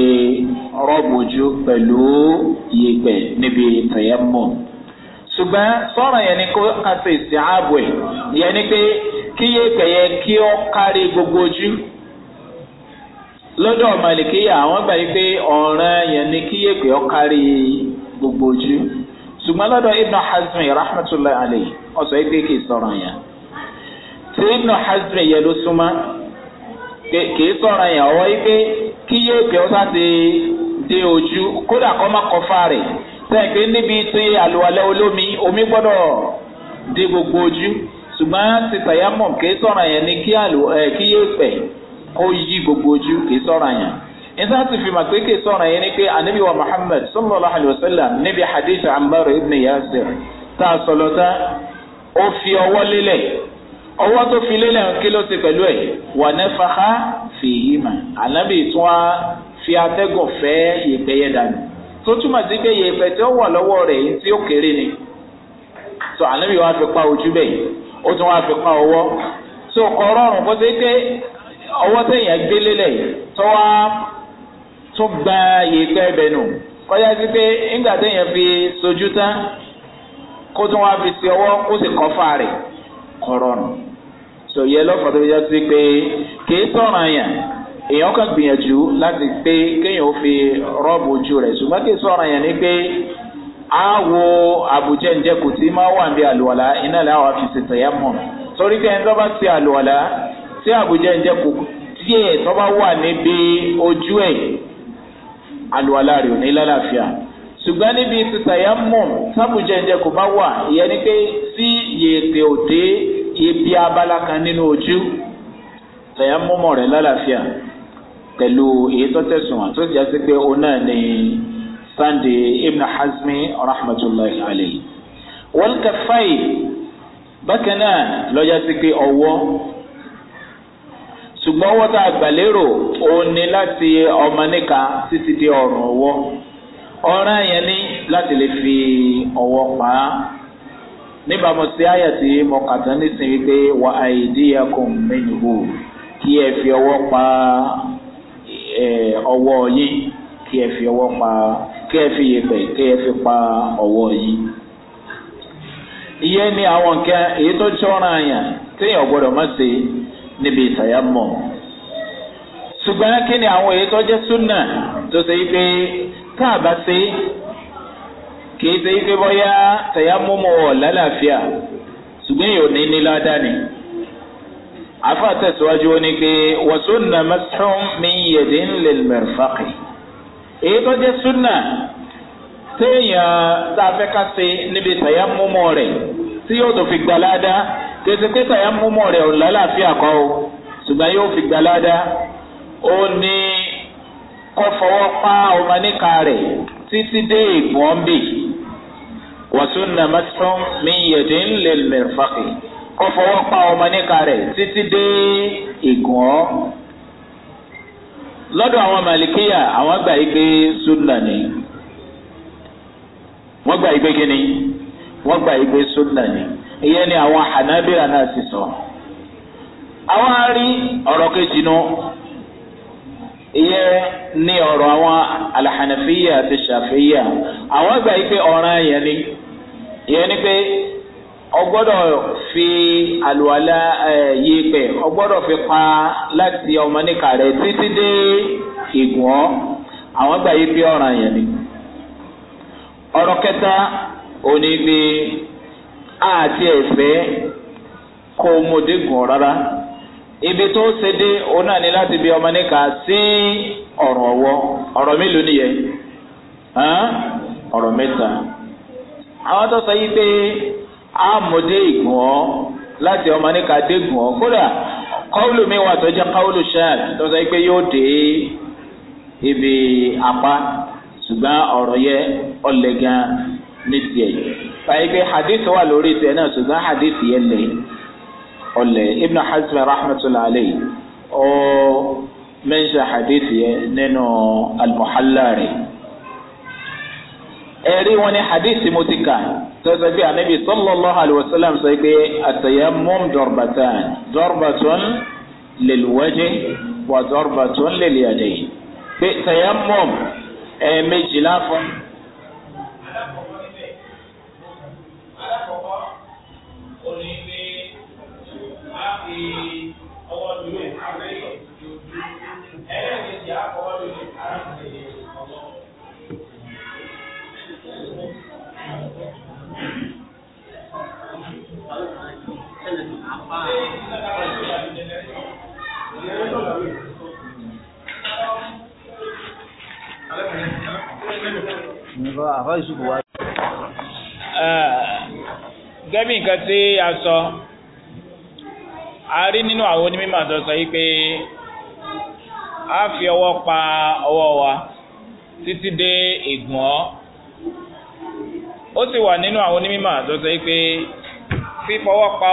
rọ́bùjú pẹ̀lú yẹ̀pẹ̀ níbi tàyẹ̀mùn. ṣùgbọ́n sọ̀rọ̀ yẹn ni kó ká ṣe ìsìnàbò ẹ̀ yẹn ni pé kí yẹ̀pẹ̀ yẹ kí ó kárí gbogbo ojú. lọ́dọ̀ màlìkíyà àwọn gbà yí pé ọ̀ràn yẹn ni kí yẹ̀pẹ̀ ó kárí gbogbo ojú ṣùgbọ́n lọ́dọ̀ ibn hazmi rahmatulahi alayhi ọ̀sọ̀ ẹgbẹ́ kì í sọ̀rọ̀ yẹn tí ibn hazmi yẹn ló súnmọ́ kì í sọ̀rọ̀ yẹn ọ̀wọ́ ẹgbẹ́ kí yé pẹ́ ọ́sá ti dé ojú kódà kọ́ má kọ́ fáre sẹ́ǹpé níbi tí àlùwalẹ̀ olómi omi gbọ́dọ̀ dé gbogbo ojú ṣùgbọ́n ti tàyámọ̀ kì í sọ̀rọ̀ yẹn ni kí yé pẹ́ kó yí gbogbo ojú kì sọ̀rọ̀ yẹn. إذا في مكيك صورة يعني النبي ومحمد صلى الله عليه وسلم نبي حديث عمار ابن ياسر تاع صلاة أو في أول ليلة ọwọ́ tó fi lélẹ̀ kí ló ti pẹ̀lú ẹ̀ wà ní faha fìyí mà ànábì tún á fi atẹ́gùn fẹ́ yèpẹ̀ yẹn dànù tó túmọ̀ sí pé yèpẹ̀ tí ó wà lọ́wọ́ rẹ̀ yìí tí ó kéré ni tó ànábì wàá fi pa ojú bẹ́ẹ̀ ó tún wàá fi pa ọwọ́ tó kọ́ rọrùn bó ṣe pé ọwọ́ tẹ̀yìn gbé lélẹ̀ tó wá tó gba yèèpẹ̀ ibẹ̀ nù kọjá sí pé nígbà téèyàn fi sojú tán kó tún wá fi sí ọwọ́ kó sì kọ́ fà rẹ̀ kọ̀rọ̀nù sòyẹ lọ́fọ̀ọ́ tó yẹ sí pé kìí sọ̀rọ̀ yẹn èèyàn kan gbìyànjú láti pé kéèyàn ó fi rọ́ọ̀bù ojú rẹ̀ ṣùgbọ́n kìí sọ̀rọ̀ yẹn ni pé a wo àbújẹ́ ǹjẹ́ kò tí máa wà bí àlùwàlá iná làwọn àfi ṣètò yẹn mọ̀ torí pé ẹni tó bá ti àlùwàlá tí àbújẹ́ ǹjẹ́ kò díẹ̀ tó bá wà níbi ojú ẹ̀ àlùwàlá rẹ̀ ò ní lálàáfíà ṣùgbọ́n níbi títàyà mọ̀ sábùjẹ́njẹ́ kò bá wà ìyẹn ni pé tí yèèpè ò dé ibi abala kan nínú ojú tàyà mọ̀mọ̀ rẹ̀ lálàáfíà pẹ̀lú èyí tó sí pé òun náà ni sande ibn hazmi rahmatulahi alayhi wọ́n kà fáyì bákan náà lọ́jà sí pé ọwọ́ ṣùgbọ́n owó tá a gbà lérò òun ni láti ọmọ níka títí di ọ̀rùn ọwọ́ ọ̀ràn yẹn ní láti lè fi ọwọ́ pa á níbàámu sí àyà tí mo kà tán nísìnyí pé wà á ìdíyà kò mẹ́nìhù kí ẹ fi ọwọ́ pa ọwọ́ yín kí ẹ fi ọwọ́ pa kí ẹ fi yẹpẹ̀ kí ẹ fi pa ọwọ́ yín. ìyẹn ni àwọn nǹkan èyí tó jọ́ràn àyàn téèyàn gbọ́dọ̀ má ṣe níbi ìtàyàmọ̀ ṣùgbọ́n kí ni àwọn èyí tó jẹ́ súnà tó ṣe pé káàbá ṣe kì í ṣe pé bóyá tàyàmọ̀mọ̀ lálàáfíà ṣùgbọ́n èyí ò ní ní ládàá ni afa tẹ̀síwájú ni pé wọ́n súnà mẹ́sàn-án mi yẹ̀dí ńlẹ̀ mẹ́rẹ̀fàkì èyí tó jẹ́ súnà téèyàn tá a fẹ́ ká ṣe níbi tàyàmọ̀mọ̀ rẹ̀ tí yóò tó fi gbalada kèsì pé tàyà múmọ rẹ ò lálàáfíà kọ o ṣùgbọ́n yóò fi gbà ó ní kó fọwọ́ pa ọmọ níka rẹ̀ títí dé ìgbọ́nbì wàsún nà mẹsàn míyẹ̀dín lè mẹ̀fàkì kó pa ọmọ níka rẹ̀ títí dé ìgbọ́n lọ́dọ̀ àwọn màlìkíyà àwọn gbà yí pé sunna ni wọ́n gbà yí pé kíni wọ́n gbà yí pé sunna ni. ìyẹn ni àwọn hanabira náà ti sọ àwọn arí ọ̀rọ̀ kejì nu ìyẹn ni ọ̀rọ̀ àwọn alahanafiya àti ṣàfiya àwọn gba yí pé yẹn ni ìyẹn ni pé ọgbọdọ fi àlùwalá yí pẹ ọgbọdọ fi pa láti ọmọ níka rẹ títí dé àwọn ọràn yẹn ni ọrọ kẹta òní bíi. àti ẹ̀fẹ́ kó o gùn rárá ibi tó ṣe dé òun náà ni láti bí ọmọ níka sí ọ̀rọ̀ ọ̀wọ́ ọ̀rọ̀ mélòó nìyẹn ọ̀rọ̀ mẹ́ta àwọn tó sọ yìí pé àmọ̀dé ìgùn ọ́ láti ọmọ mi wà tó jẹ́ kọ́ọ̀lù tó sọ pé yóò dé ibi apá ṣùgbọ́n ọ̀rọ̀ yẹ ọ̀lẹ̀ ní fàyẹ̀gbẹ́ hadith wà lórí tẹ̀ náà ṣùgbọ́n hadith yẹn lè ọ̀lẹ̀ ibn hazm rahmatulah alayhi ọ mẹ́nṣẹ́ hadith yẹn nínú almuhallari ẹ̀rí wọn ni hadith mo ti kà tọ́sọ̀ bí anabi sallallahu alayhi wa sallam sọ pé àtẹ̀yẹ́mọ́m dọ̀rọ̀bàtàn dọ̀rọ̀bàtàn lèlúwẹ́jẹ́ wà dọ̀rọ̀bàtàn lèlúyàdẹ́ pé tẹ̀yẹ́mọ́m ẹ̀ẹ́mẹ́jìlá fún. ó ní pé a fi ọwọ́ dúró abẹ́ ẹlẹ́ẹ̀kejì á fọwọ́ dúró arákùnrin ọmọ. Nígbà àfáìsùkù wá gẹ́bí nǹkan tí a sọ a rí nínú àwọn onímọ̀ tó sọ yìí pé a fi ọwọ́ pa ọwọ́ wa títí dé ìgbọ̀n ó sì wà nínú àwọn onímọ̀ tó sọ yìí pé fífọwọ́ pa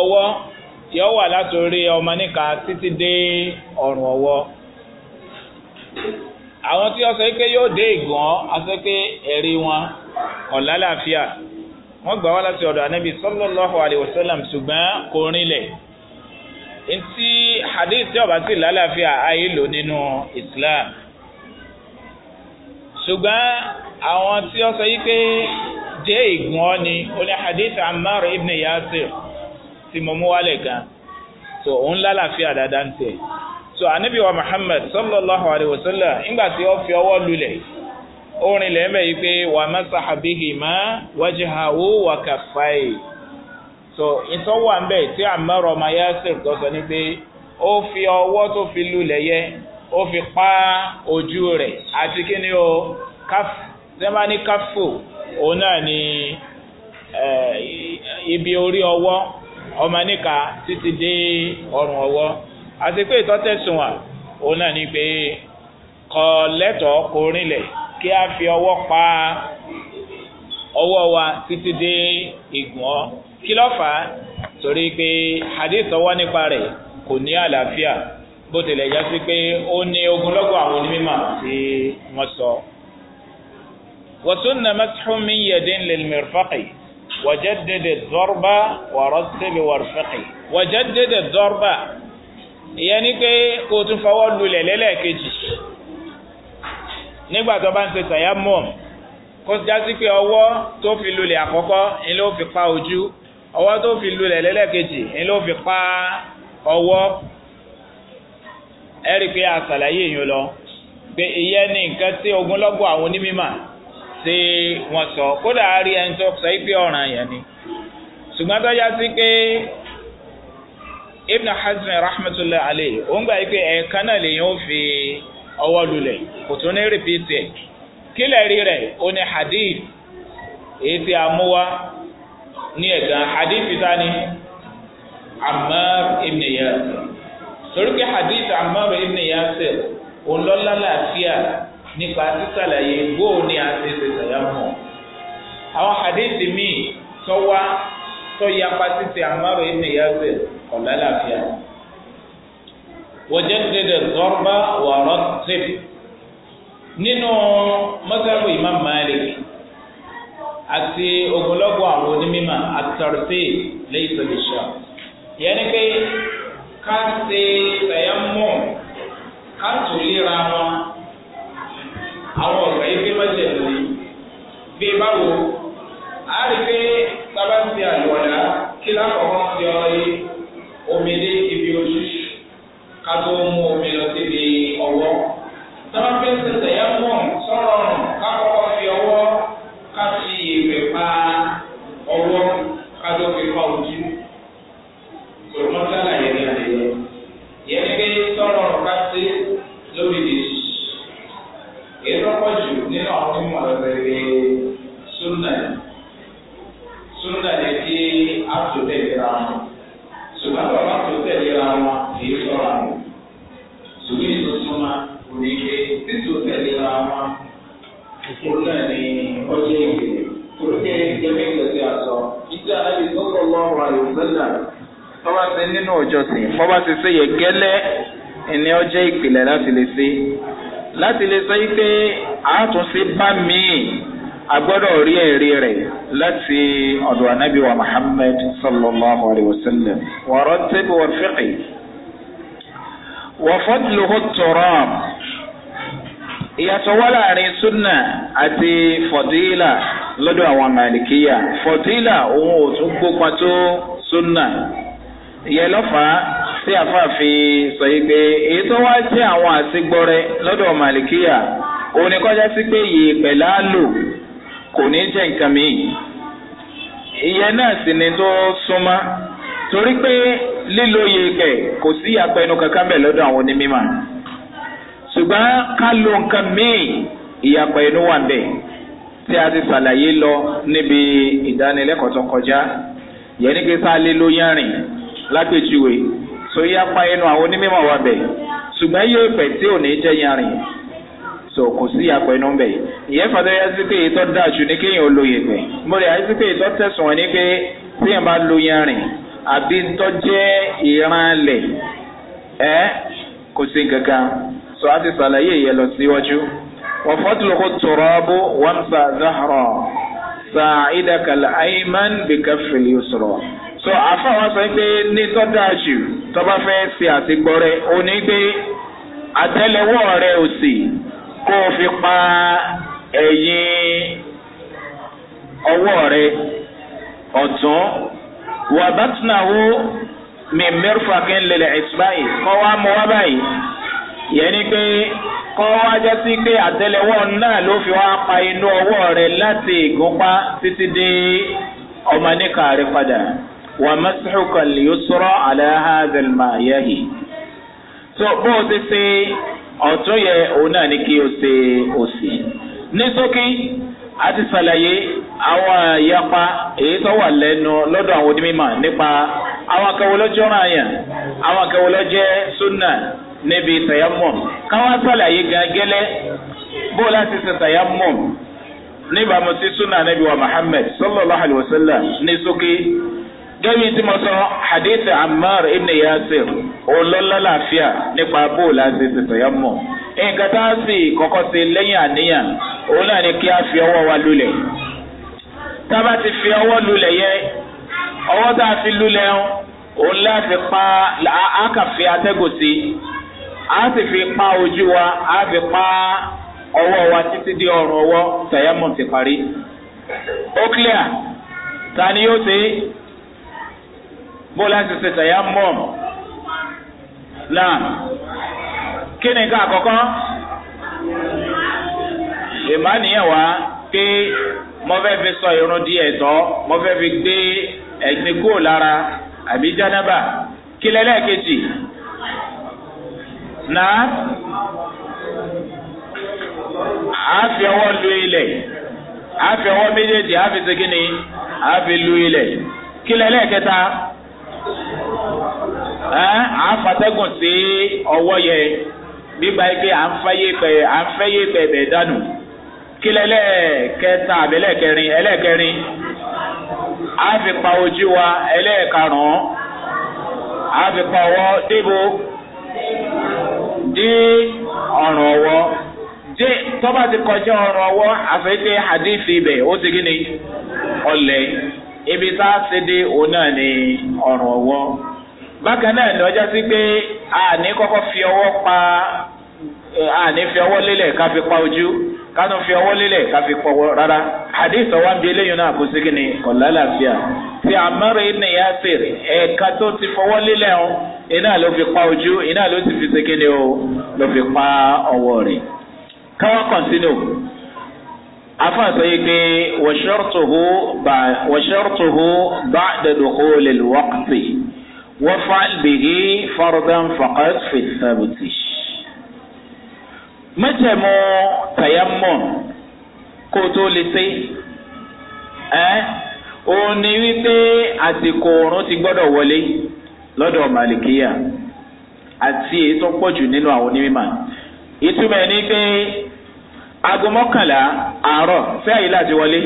ọwọ́ yọ wà látòrí ọmọ níka títí dé ọrùn ọwọ́ àwọn tí wọ́n sọ pé yóò dé ìgbọ̀n a sọ pé ẹ̀rí wọn kò wọ́n gbà wá láti ọ̀dọ̀ anabi sallallahu alayhi wa sallam ṣùgbọ́n kò rinlẹ̀ ntí hadith tí ọba sì lálàáfíà ayé lò nínú islam ṣùgbọ́n àwọn tí ó sọ yìí pé jẹ́ ìgbọ́n ọ́ ni ó ní hadith ammar ibn yasir tí mo mú wálẹ̀ gan so òun lálàáfíà dáadáa ń tẹ̀ so anabi wa muhammad sallallahu alayhi ńgbà tí ó fi ọwọ́ lulẹ̀ yìí. orin lẹ́mẹ̀ yìí pé wà masaha bihima wajhahu wa kaffayhi so ìtọ́ wà ń bẹ̀ tí Ammar ọmọ Yasir tó sọ ni pé fi ọwọ́ tó fi lulẹ̀ yẹ ó fi pa ojú rẹ̀ àti kí ni o sẹ́mbà ní káfù ni ibi orí ọwọ́ ọmọ níka títí dé ọrùn ọwọ́ àti pé ìtọ́tẹ̀sùn wà òun náà ni pé kí a fi ọwọ́ pa ọwọ́ wa títí dé ìgbọ̀n kí ló fà á torí pé hadith ọwọ́ nípa rẹ̀ kò ní àlàáfíà bó tilẹ̀ já sí pé ó ní ogunlọ́gọ̀ àwọn onímọ̀ tí wọ́n sọ. وسن مسح من يد للمرفق وجدد الضرب ورتب وارفق وجدد الضرب يعني كي كنت فوال لليلة كيجي nígbà tó bá ń ṣe tàyámọ̀ kó jásí pé ọwọ́ tó fi lulẹ̀ àkọ́kọ́ ni ló fi pa ojú ọwọ́ tó fi lulẹ̀ lẹ́lẹ́kejì ni ló fi pa ọwọ́ ẹ̀rí pé àṣàlàyé yìí lọ pé ìyẹn ní nǹkan tí ogunlọ́gọ̀ àwọn onímọ̀ tí wọ́n sọ kódà á rí ẹni tó sọ pé ọ̀ràn yẹn ni ṣùgbọ́n tó jásí pé Ibn Hazm rahmatullahi alayhi òun pé ẹ̀ẹ̀kan náà lèyìn ó fi ọwọ́ lulẹ̀ kò tún ní rìpíìtì ẹ̀ kílẹ̀ rí rẹ̀ ó ní hadith èyí tí a mú wá ní ẹ̀gán hadith ta ni Ammar ibn Yasir torí pé hadith Ammar ibn Yasir òun lọ́lá làáfíà nípa sísàlàyé bóò ní àti ìṣẹ̀ṣẹ̀ mọ̀ àwọn hadith míì tọ́wá tọ́yapa títí Ammar ibn Yasir kọ̀ lálàáfíà. وجدد الضرب ورتب nínú mọ́sáàbù imam malik àti ogunlọ́gbọ̀ àwọn onímọ̀ àtàrtì lẹ́yìn sọ̀dẹ̀ṣọ́ ìyẹn ni pé ká ṣe ẹ̀yà mọ̀ ká tù léra wọn àwọn ọ̀gá yìí pé mọ́jẹ̀ lórí bí báwo a rí pé bàbá ń ìpìlẹ̀ láti lè ṣe láti lè sọ pé àtúnṣe bá míì agbọ́dọ̀ rí ẹ̀rí rẹ̀ láti ọ̀dọ̀ anábì wa muhammed sallallahu alayhi wa sallam wọ̀rọ̀ tẹ́bi wọ́n fẹ́ẹ̀ wọ́n fọ́dùlù hó tọ̀rọ̀ ìyàtọ̀ wà láàrin sunna àti fọ̀dílà lọ́dọ̀ àwọn màlìkíyà fọ̀dílà òun ò tún gbópa tó sunna ìyẹn tí àfáà fi sọ yìí pé èyí tó wá jẹ́ àwọn àṣegbọrẹ lọ́dọ̀ màlìkíyà òun ni kọjá sí pé yèèpẹ̀ láàlò kò ní jẹ́ nǹkan mìíràn ìyẹn náà sì ni tó súnmọ́ torí pé lílo yèèpẹ̀ kò sí àpẹnu kankan bẹ̀ lọ́dọ̀ àwọn onímọ̀ ṣùgbọ́n ká lo nǹkan mìíràn ìyàpẹ̀ inú wà bẹ́ẹ̀ tí a ti ṣàlàyé lọ níbi ìdánilẹ́kọ̀ọ́ tó kọjá yẹn ní kí sáà lè lo yánrìn lápèjúwe so yá pa ẹnu àwọn onímọ̀ wa bẹ̀ ṣùgbọ́n yóò pẹ̀ tí ò ní jẹ́ yanrìn so kò sí yàpọ̀ ẹnu bẹ̀ ìyẹn fàtẹ́ yá sí pé ìtọ́ dáa jù ní kéèyàn lo yèpẹ̀ mo rẹ̀ ìtọ́ tẹ̀sùn wọn pé téèyàn bá lo yanrìn àbí tọ́ jẹ́ ìranlẹ̀ ẹ kò sí kankan so a ti sàlàyé ìyẹn lọ síwájú wọ́n fọ́tulùkù tọ̀rọ̀ bó wọ́n sà záhàrọ̀ sà ìdàkàlà àyè máa bìkà fìlì sọ̀rọ̀. so a sọ pé ní tọ́dájú tọ́ba fẹ́ ṣe rẹ o ní pé rẹ ò kó o fi pa ẹyin ọwọ rẹ ọtọ wà mi kí n wa mọ wá báyìí yẹn pé wa jẹ́ sí pé náà ló fi wá pa inú rẹ láti ìgúnpá títí dé ọmọ níkà rẹ ومسحك اليسرى على هذا الماء so bó o ti ṣe ọ̀tún yẹ òun náà ni kí o ṣe òsì ní sókè àti ṣàlàyé àwọn ìyapa èyí tó wà lẹ́nu lọ́dọ̀ àwọn onímọ̀ nípa àwọn akẹ́wò lọ́jọ́ ráyàn àwọn akẹ́wò lọ́jẹ́ súnà níbi tayamum káwọn ṣàlàyé gàgẹ́lẹ́ bó láti ṣe tayamum níbàámu sí súnà níbi wa muhammed sallallahu alayhi wa sallam ní sókè gẹ́gẹ́ tí mo sọ hadith amar ibn yasir olóńlá làáfíà nípa bóòlù àti ìsìtọ̀yà mọ̀ nǹkan tá a sì kọ́kọ́ sí lẹ́yìn àníyàn òun náà ni kí a fi ọwọ́ wa lulẹ̀ tá a bá ti fi ọwọ́ lulẹ̀ yẹ ọwọ́ tá a fi lulẹ̀ òun láti pa àkàfi atẹ́gùn sí a sì fi pa ojú wa a fi pa ọwọ́ wa títí di ọrùn ọwọ́ tẹ̀yẹ́mù ti parí ó clear ta ni yóò ṣe é bó láti ṣe tẹ̀yà mọ̀ náà kí ni nǹkan àkọ́kọ́ ìmánìyàn wá pé mo fẹ́ fi sọ irun di ẹ̀tọ́ mo fẹ́ fi gbé ẹ̀gbin kúrò lára àbí jánábà kí lẹ́lẹ́kejì náà àáfi ọwọ́ lu ilẹ̀ àáfi ọwọ́ méjèèjì àáfi segin ni àáfi lu ilẹ̀ kí lẹ́lẹ́kẹta. ẹ à ń fatẹ́gùn sí ọwọ́ yẹ gbígba yìí pé à ń fẹ́ yé à ń fẹ́ yé bẹ̀ kí lẹ́lẹ́ kẹta àbí ẹlẹ́kẹrin ẹlẹ́kẹrin á fi pa ojú wa ẹlẹ́ẹ̀karùn-ún á fi pa ọwọ́ débo dí ọwọ́ ibi tá a ṣe dé òun náà ni ọ̀rùn ọwọ́ bákan náà ni ọjọ́ sí pé àní kọ́kọ́ fi ọwọ́ pa àní fi ọwọ́ lélẹ̀ ká fi pa ojú kánú fi ọwọ́ lélẹ̀ ká fi pọ̀wọ́ rárá hadith ọwọ́ bíi eléyìí náà kò sí ni kọ̀lá làbíà ti àmọ́rẹ́ ní yasir ẹ̀ka tó ti fọwọ́ lélẹ̀ ọ́ iná ló fi pa ojú iná ló ti fi ṣe ni o ló fi pa ọwọ́ rẹ̀ káwọn kọ̀ǹtínú afa sọ yìí pé wàṣọ́rtuhu bá dàdúkú lèlwọ́kìtì wọ́n fa bìhí fọ́rọ̀dán fọ́kàt fìtàbùtì. mẹ́tẹ̀mú tayammọ́ kó tó lè ṣe ẹ́ ó ní wípé àsìkò oorun ti gbọ́dọ̀ wọlé lọ́dọ̀ màlìkíyà àti èyí tó pọ̀jù nínú àwọn onímọ̀ ìtumọ̀ ẹ̀ pé aago mọ́kànlá àárọ̀ fẹ́ àyè láti wọlé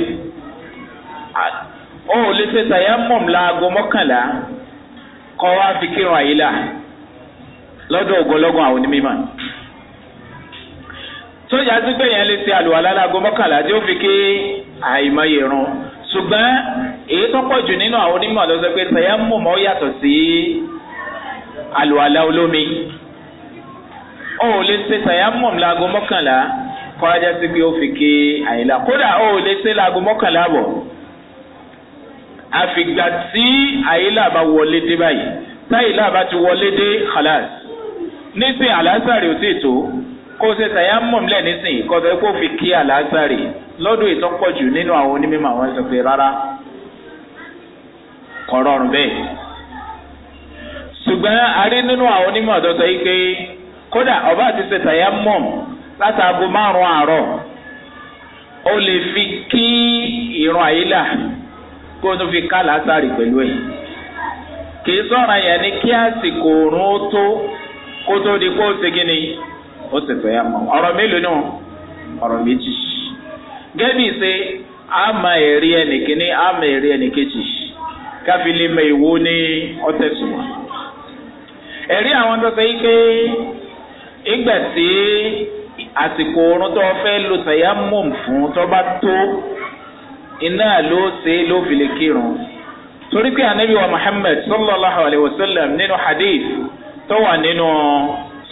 ó lè ṣe tayamom la aago mọ́kànlá kọ́ wá fi kírun àyè là lọ́dọ̀ ògbólógún àwọn onímọ̀ tó yà á ti gbẹ̀yìn lè ṣe àlùwàlá láago mọ́kànlá tí ó fi kí àìmọye run ṣùgbọ́n èyí tó pọ̀ jù nínú àwọn onímọ̀ lọ́sọ pé tayamom ó yàtọ̀ sí àlùwàlá olómi ó lè ṣe tayamom la aago mọ́kànlá kọ́lájà sí pé ó fi ké àyìnlá kódà ó lè ṣe láago mọ́kànlá bọ̀ àfìgbà tí àyìnlá bá wọlé dé báyìí táyìnlá bá ti wọlé dé khalas nísìn àlásàrè ò sì tó kó ṣe tàyámọ̀ nílẹ̀ nísìn kó sọ pé ó fi ké àlásàrè lọ́dún ìtọ́pọ̀jù nínú àwọn onímọ̀ àwọn ẹ̀sọ́ pé rárá kọ́ rọrùn bẹ́ẹ̀ ṣùgbọ́n a rí nínú àwọn onímọ̀ àdọ́sọ yìí pé kódà ọba àti ṣe tàyámọ̀ látàgò márùn àárọ̀ ó lè fi kí ìran àyílà kó tó fi ká làásàrì pẹ̀lú ẹ̀ kìí sọ̀ràn yẹn ni kí àsìkò òórùn ó tó kó tó di kó segin ni ó sì fẹ́ mọ́ ọ̀rọ̀ mélòó ni ọ̀rọ̀ méjì gẹ́bí ṣe àmà ẹ̀rí ẹnìkíní àmà ẹ̀rí ẹnìkejì káfí lè ní ọ̀tẹ̀sùnmọ̀ ẹ̀rí àwọn tó ṣe yí pé ìgbà tí àsìkò oorun tó fẹ́ lo tayamum fún tó bá tó iná ló ṣe ló fi lè kírun torí pé anabi wa muhammed sallallahu alayhi wa sallam nínú hadith tó wà nínú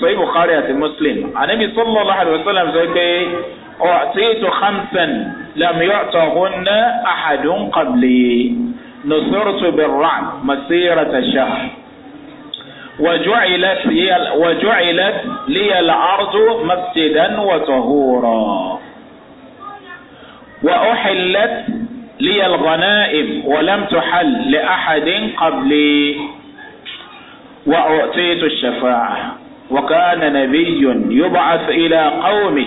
sọyí bukhari àti muslim anabi sallallahu alayhi wa sallam sọ pé ọ̀tíìtù hamsan lamiyọ̀tọ̀ hunna ahadun qabli nusurtu birra masirata shah. وجعلت لي وجعلت لي الأرض مسجدا وطهورا وأحلت لي الغنائم ولم تحل لأحد قبلي وأعطيت الشفاعة وكان نبي يبعث إلى قومه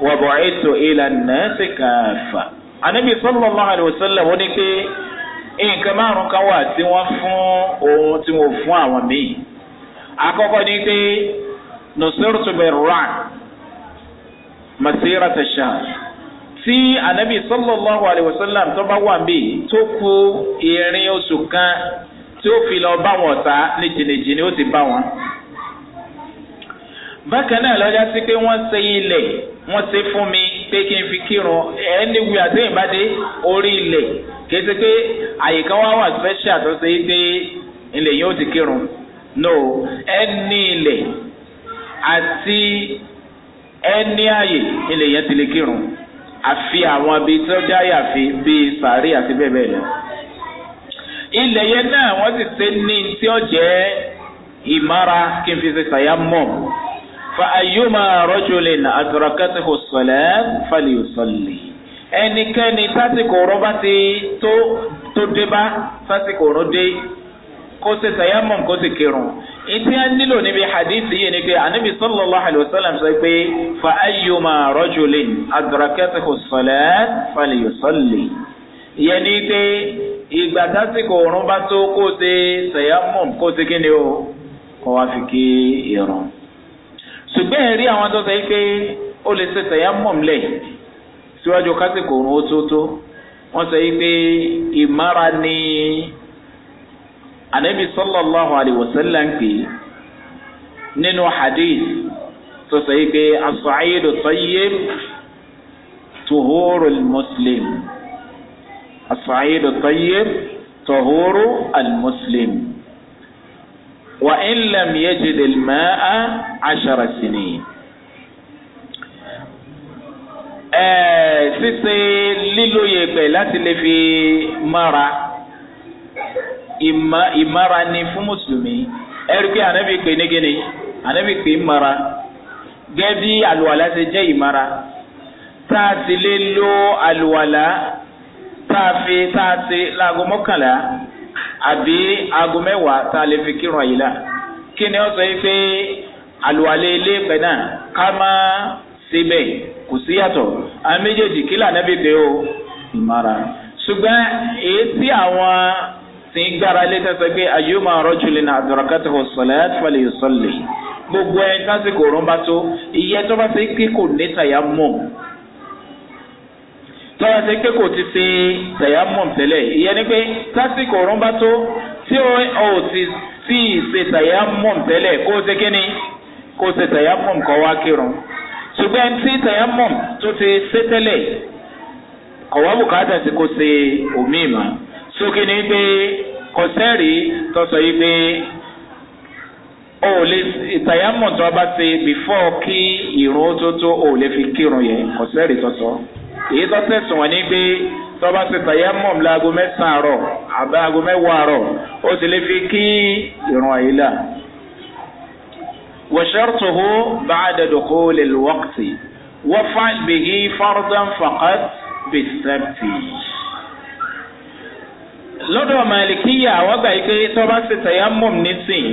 وبعثت إلى الناس كافة النبي صلى الله عليه وسلم ونكي ان كما ركواتي wà tí wọ́n fún àkọ́kọ́ ni pé nusirtu birran masira tashan tí anabi sallallahu alayhi wa sallam tó bá wà mí tó kú ìrìn oṣù kan tí ó fi lọ bá wọn ta ní jìnnìjìnnì ó ti bá wọn. bákan náà lọ́jà sí pé wọ́n ṣe ilẹ̀ wọ́n ṣe fún mi pé kí n fi kírun ẹni wí àtẹ̀yìn bá dé orí ilẹ̀ kí n ṣe pé àyíká wa wà special tó ṣe é pé ilẹ̀ yẹn ó ti kírun no ẹni ilẹ̀ àti ẹni ààyè ilẹ̀ yẹn ti lè kírun àfi àwọn abẹ tí ó já yàfi bíi sàárè àti bẹ́ẹ̀ bẹ́ẹ̀ lọ. ilẹ̀ yẹn náà wọ́n sì ṣe ní tí ó jẹ́ ìmára kí n fi ṣe ṣàyà mọ̀ fa ayuma rojulin aturakati hosole fali osole ẹnikẹ́ni tásìkò ọ̀rọ̀ bá ti tó tó dé bá tásìkò ọ̀rọ̀ dé kó ṣe tayamum kó ṣe kírun ìtí a nílò níbi hadithi yìí ni pé anabi sallallahu alayhi wa sallam sọ pé fa ayyuma rajulin adrakatihu salat falyusalli ìyẹn ni pé ìgbà tásìkò òrùn bá tó kó ṣe tayamum kó ṣe o kó wá fi kí irun ṣùgbọ́n ẹ̀rí àwọn tó sọ pé ó lè ṣe tayamum lẹ̀ síwájú kásìkò òrùn ó tó tó wọ́n sọ pé ìmára ni anabi sallallahu alayhi wa sallam pè é nínú hadith tó sọ yìí pé asọ̀ayédò tọ́yé tuhuru muslim asọ̀ayédò tọ́yé tuhuru muslim wa in lam yajid al-ma'a ashara sinin. ẹ̀ẹ́ sísè lílo yẹ̀pẹ̀ láti lè fi mára ìmára ni fún mùsùlùmí ẹrí pé ànábì pé nígínní ànábì pé ìmára gẹ́gẹ́ bí àlùwàlá ṣe jẹ́ ìmára tá a sì lè lo àlùwàlá tá a fi tá a ti láago mọ́kànlá àbí aago mẹ́wàá tá a lè fi kírun àyílá kí ni ó sọ yìí pé àlùwàlá ilé ìpẹ́ náà ká má síbẹ̀ kò sí yàtọ̀ àwọn méjèèjì kí lànà bèbè o ìmára ṣùgbọ́n èyí tí àwọn. tí ń gbára ilé tẹ́sẹ̀ pé ayọ́mọ àrọ́jùlẹ̀ náà ọ ọ̀sọ̀lẹ̀ àtìfàlẹ̀ ìsọ̀lẹ̀ gbogbo ẹ̀ tásìkò òrùn bá tó tó bá ṣe pé kò ní tàyámọ̀ tó bá ṣe pé kò ti ṣe tàyámọ̀ tẹ́lẹ̀ ìyẹn ni pé tásìkò òrùn bá tó tí ó ti tẹ́lẹ̀ kó ṣe kí ni kó ṣe kọ́ wá kírun ṣùgbọ́n tí tó ti ṣe tẹ́lẹ̀ kọ̀wá bùkátà ti kó ṣe òmíì máa. sókè ní pé kọ̀sẹ́rì tọ́sọ̀ yìí pé o lè ìtàyàmọ̀ tó a bá ti bìfọ́ kí ìrún tó tó o lè fi kírun yẹn kọ̀sẹ́rì tọ́sọ̀ èyí tó tẹ̀sùn wọn ní pé tọ́ba ti tàyàmọ̀ láago mẹ́sàn-án àárọ̀ àbá aago mẹ́wàá àárọ̀ o sì lè fi kí ìrún àyílà. وشرطه بعد دخول الوقت وفعل به فرضا فقط بالسبت lọ́dọ̀ màlìkíyà àwọn gbà yìí pé tọ́ba ṣe tẹ̀yámọ̀m nísìn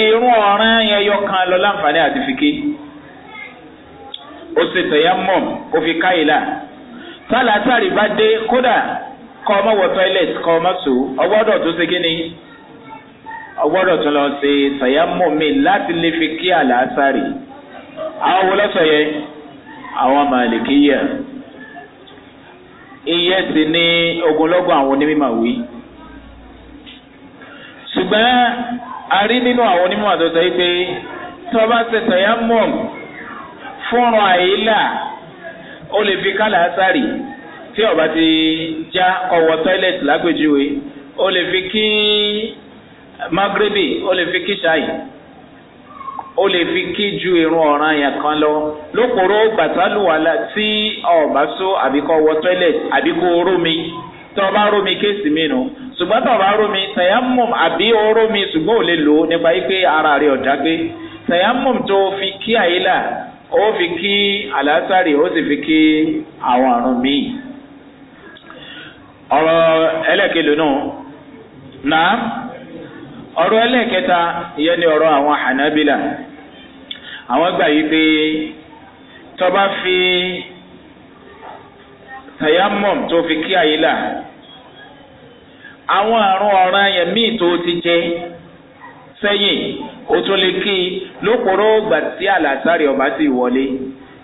irun ọ̀ràn yẹn yọ kan lọ láǹfààní àdìfíkè ó ṣe tẹ̀yámọ̀m ó fi káyìlá tálátàrí bá dé kódà kọ́ ọmọ wọ toilet kọ́ ọmọ sò ọgbọ́dọ̀ tó ṣe kí ni ọgbọ́dọ̀ tó lọ ṣe tẹ̀yámọ̀m mi láti lè fi kí àlàásàrí àwọn wọlọ́sọ̀ yẹn àwọn màlìkíyà iye sì ni ogunlọ́gbọ̀n àwọn onímọ̀ wí. ṣùgbọ́n a rí nínú àwọn onímọ̀ àtọ́sọ yìí pé tí wọ́n bá ṣe tẹ̀yà mọ̀ fúnra àyílà ó lè fi kálà sárì tí ọba ti já ọwọ́ tọ́ílẹ̀tì lágbèjúwe ó lè fi kí magrebi ó lè fi kí ṣáì. o lè fi kí ju irun ọ̀ràn yẹn kan lọ lóporó gbàtálùwàlà tí ọba so àbí kọ́ wọ oromi àbí kó o rómi tí ọba rómi kéèsì mi nù ṣùgbọ́n tí ọba rómi tẹ̀yàmùm àbí o rómi ṣùgbọ́n ò lè lò ó nípa ara rẹ̀ ọ̀dá gbé tẹ̀yàmùm tó fi kí àyílà ó fi kí àlásàrì ó sì fi kí àwọn àrùn míì. ọ̀rọ̀ ẹlẹ́kẹ̀lẹ́ náà náà ọ̀rọ̀ ẹlẹ́kẹta ìyẹn ni ọ̀rọ̀ àwọn ànábìlà. àwọn gbà yí pé tọ́ba fi tayamom tó fi kí ayé là àwọn àrùn ọ̀ràn yẹn míì tó ti jẹ sẹ́yìn o tún lè kí lóporó gbà tí àlàsárì ọba ti wọlé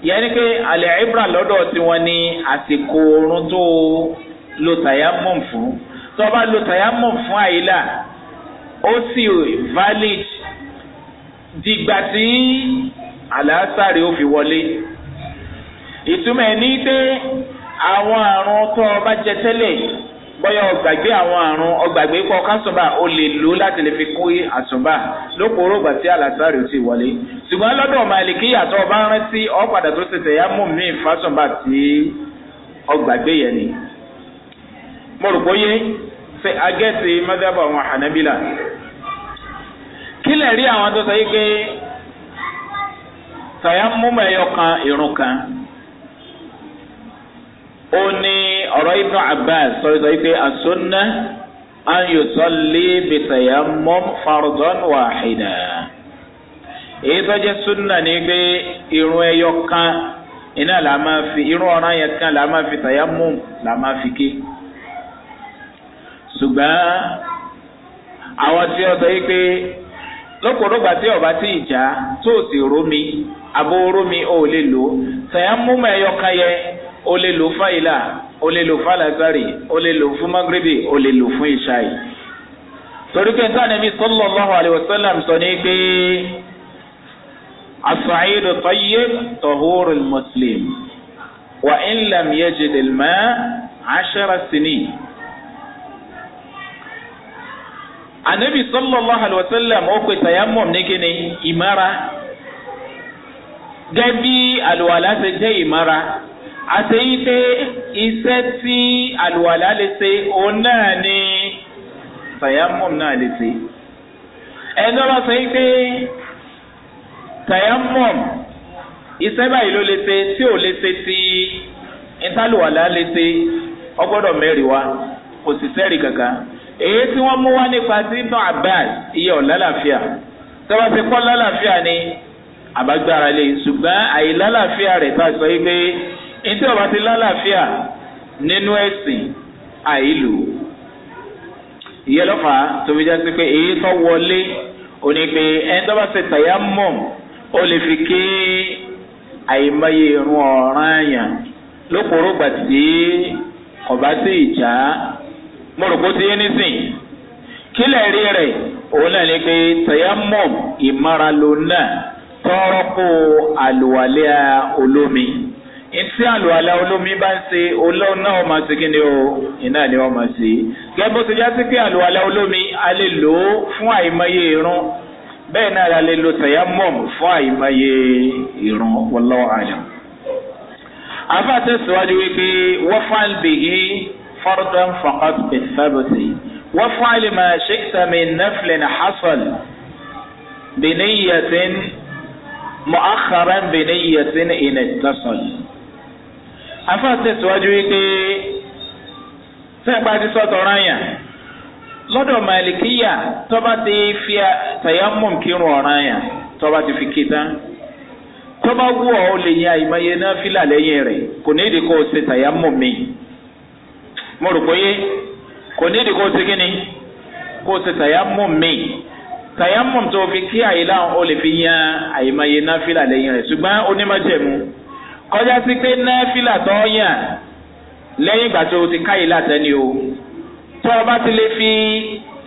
yẹn ni pé àlẹ́ ibra lọ́dọ̀ tiwọn ní àsìkò oorun tó lo tayamom fún tọ́ba lo tayamom fún àyílà ó sì valid dìgbà tí àlàásàrè ó fi wọlé ìtumọ̀ ẹ̀ ní pé àwọn àrùn tó o bá jẹ tẹ́lẹ̀ bọ́yá ọgbàgbé àwọn àrùn ọgbàgbé kọ kásùnbà o lè lò láti lè fi kú àsùnbà lóporó ìgbà tí àlàsáré ò ti wọlé ṣùgbọ́n lọ́dọ̀ màlìkí yàtọ̀ ọba rántí ọ̀padà tó ṣe tẹ̀yà mú mi fásùnbà tí ọgbàgbé yẹn ni. mo rò bóyé ṣe agẹ́sì mọ́tàbọ̀ àwọn àhànábìlà kílẹ̀ rí àwọn tó sọ yìí pé tayammum ẹyọ kan irun kan ó ní ọ̀rọ̀ Ibn Abbas sọ̀rọ̀ sọ yìí pé as-sunnah an yusalli bi tayammum fardan wahida èyí tó jẹ́ sunna ni pé irun ẹyọ kan iná la máa fi irun ọ̀ràn yẹn kan la máa fi tayammum la máa fi ké ṣùgbọ́n àwọn tí wọ́n sọ yìí pé lọ́pọ̀lọpọ̀ tí ọba tí ìjà tó sì rómi àbò rómi ó lè lò tẹ̀yà múmọ̀ ẹ̀yọ kan yẹ ó lè lò fún àyílà ó lè lò fún alásàrì ó lè lò fún magrebi ó lè lò fún ìṣáì. torí pé sáà nàbí sọlọ́láhùn àlẹ́ wàsálàm sọ ní pé asàáyédò tọ́yé tọ̀húrù mùsùlùm wà ń làm yẹ jìdìlmá àṣàrà sínì. anabi sallallahu alaihi wa sallam ó pè tayammum ní kíni ìmára gẹ́bí àlùwàlá ṣe jẹ́ ìmára àti pé iṣẹ́ tí àlùwàlá lè ṣe òun náà ni tayammum náà lè ṣe ẹni ọba sọ yìí pé tayammum iṣẹ́ báyìí ló lè ṣe tí ò lè ṣe ti ìtàlùwàlá lè ṣe ọgbọ́dọ̀ mẹ́rin wa kò sì sẹ́rì kankan èyí tí wọ́n mú wá nípa sí ibn abbas iye ọ̀lálàfíà tọ́wọ́ ti kọ́ lálàáfíà ni àbágbára lè ṣùgbọ́n àìlálàáfíà rẹ̀ tá a sọ pé ètò ọba ti lálàáfíà nínú ẹ̀sìn àìlù ìyẹn lọ́fà tó fi já sí pé èyí tó wọlé òní pé ẹni tó bá ṣe tàyà mọ̀ ó lè fi ké àìmọye irun ọ̀ràn àyàn lóporó gbàtí ọba sí ìjà mo rò kó ti yé nísìnyí kílẹ̀ rí rẹ̀ òun náà ni pé tayammum ìmara ló náà tọ́rọ́kù àlùwalẹ́ olómi ntí àlùwalẹ́ olómi bá ń ṣe olóhùn náà wọ́n máa ṣe kí ni o iná ni wọ́n máa ṣe gẹ́gẹ́ bó ti jásí pé àlùwalẹ́ olómi a lè lò ó fún àìmọye irun bẹ́ẹ̀ náà la lè lo tayammum fún àìmọye irun wallahu alam. àfa tẹ̀síwájú wípé wọ́n fà ń bèyí. فردًا فقط بالثبت وافعل ما شئت من نفل حصل بنية مؤخرا بنية إن اتصل أفتت وجهك تبعت صوت رايا lọ́dọ̀ màlìkíyà tọ́ba ti fi tàyámùm kírun ọ̀ràn yà tọ́ba ti fi kí tán tọ́ba wú ọ ó lè yan àìmọye náà fílà lẹ́yìn rẹ̀ kò ní ìdíkọ́ ṣe tàyámùm mi mo rò pé kò ní ìdí kó ṣe kí ni kó ṣe tàyámù mi tàyámù tó fi kí àyílá o lè fi yan àyèmáyé náfìlà lẹ́yìn rẹ̀ ṣùgbọ́n onímọ̀jẹ̀mú kọjá sí pé náfìlà tó yàn lẹ́yìn ìgbà tó ti ká àyílá tẹ́ni o tó o bá ti lè fi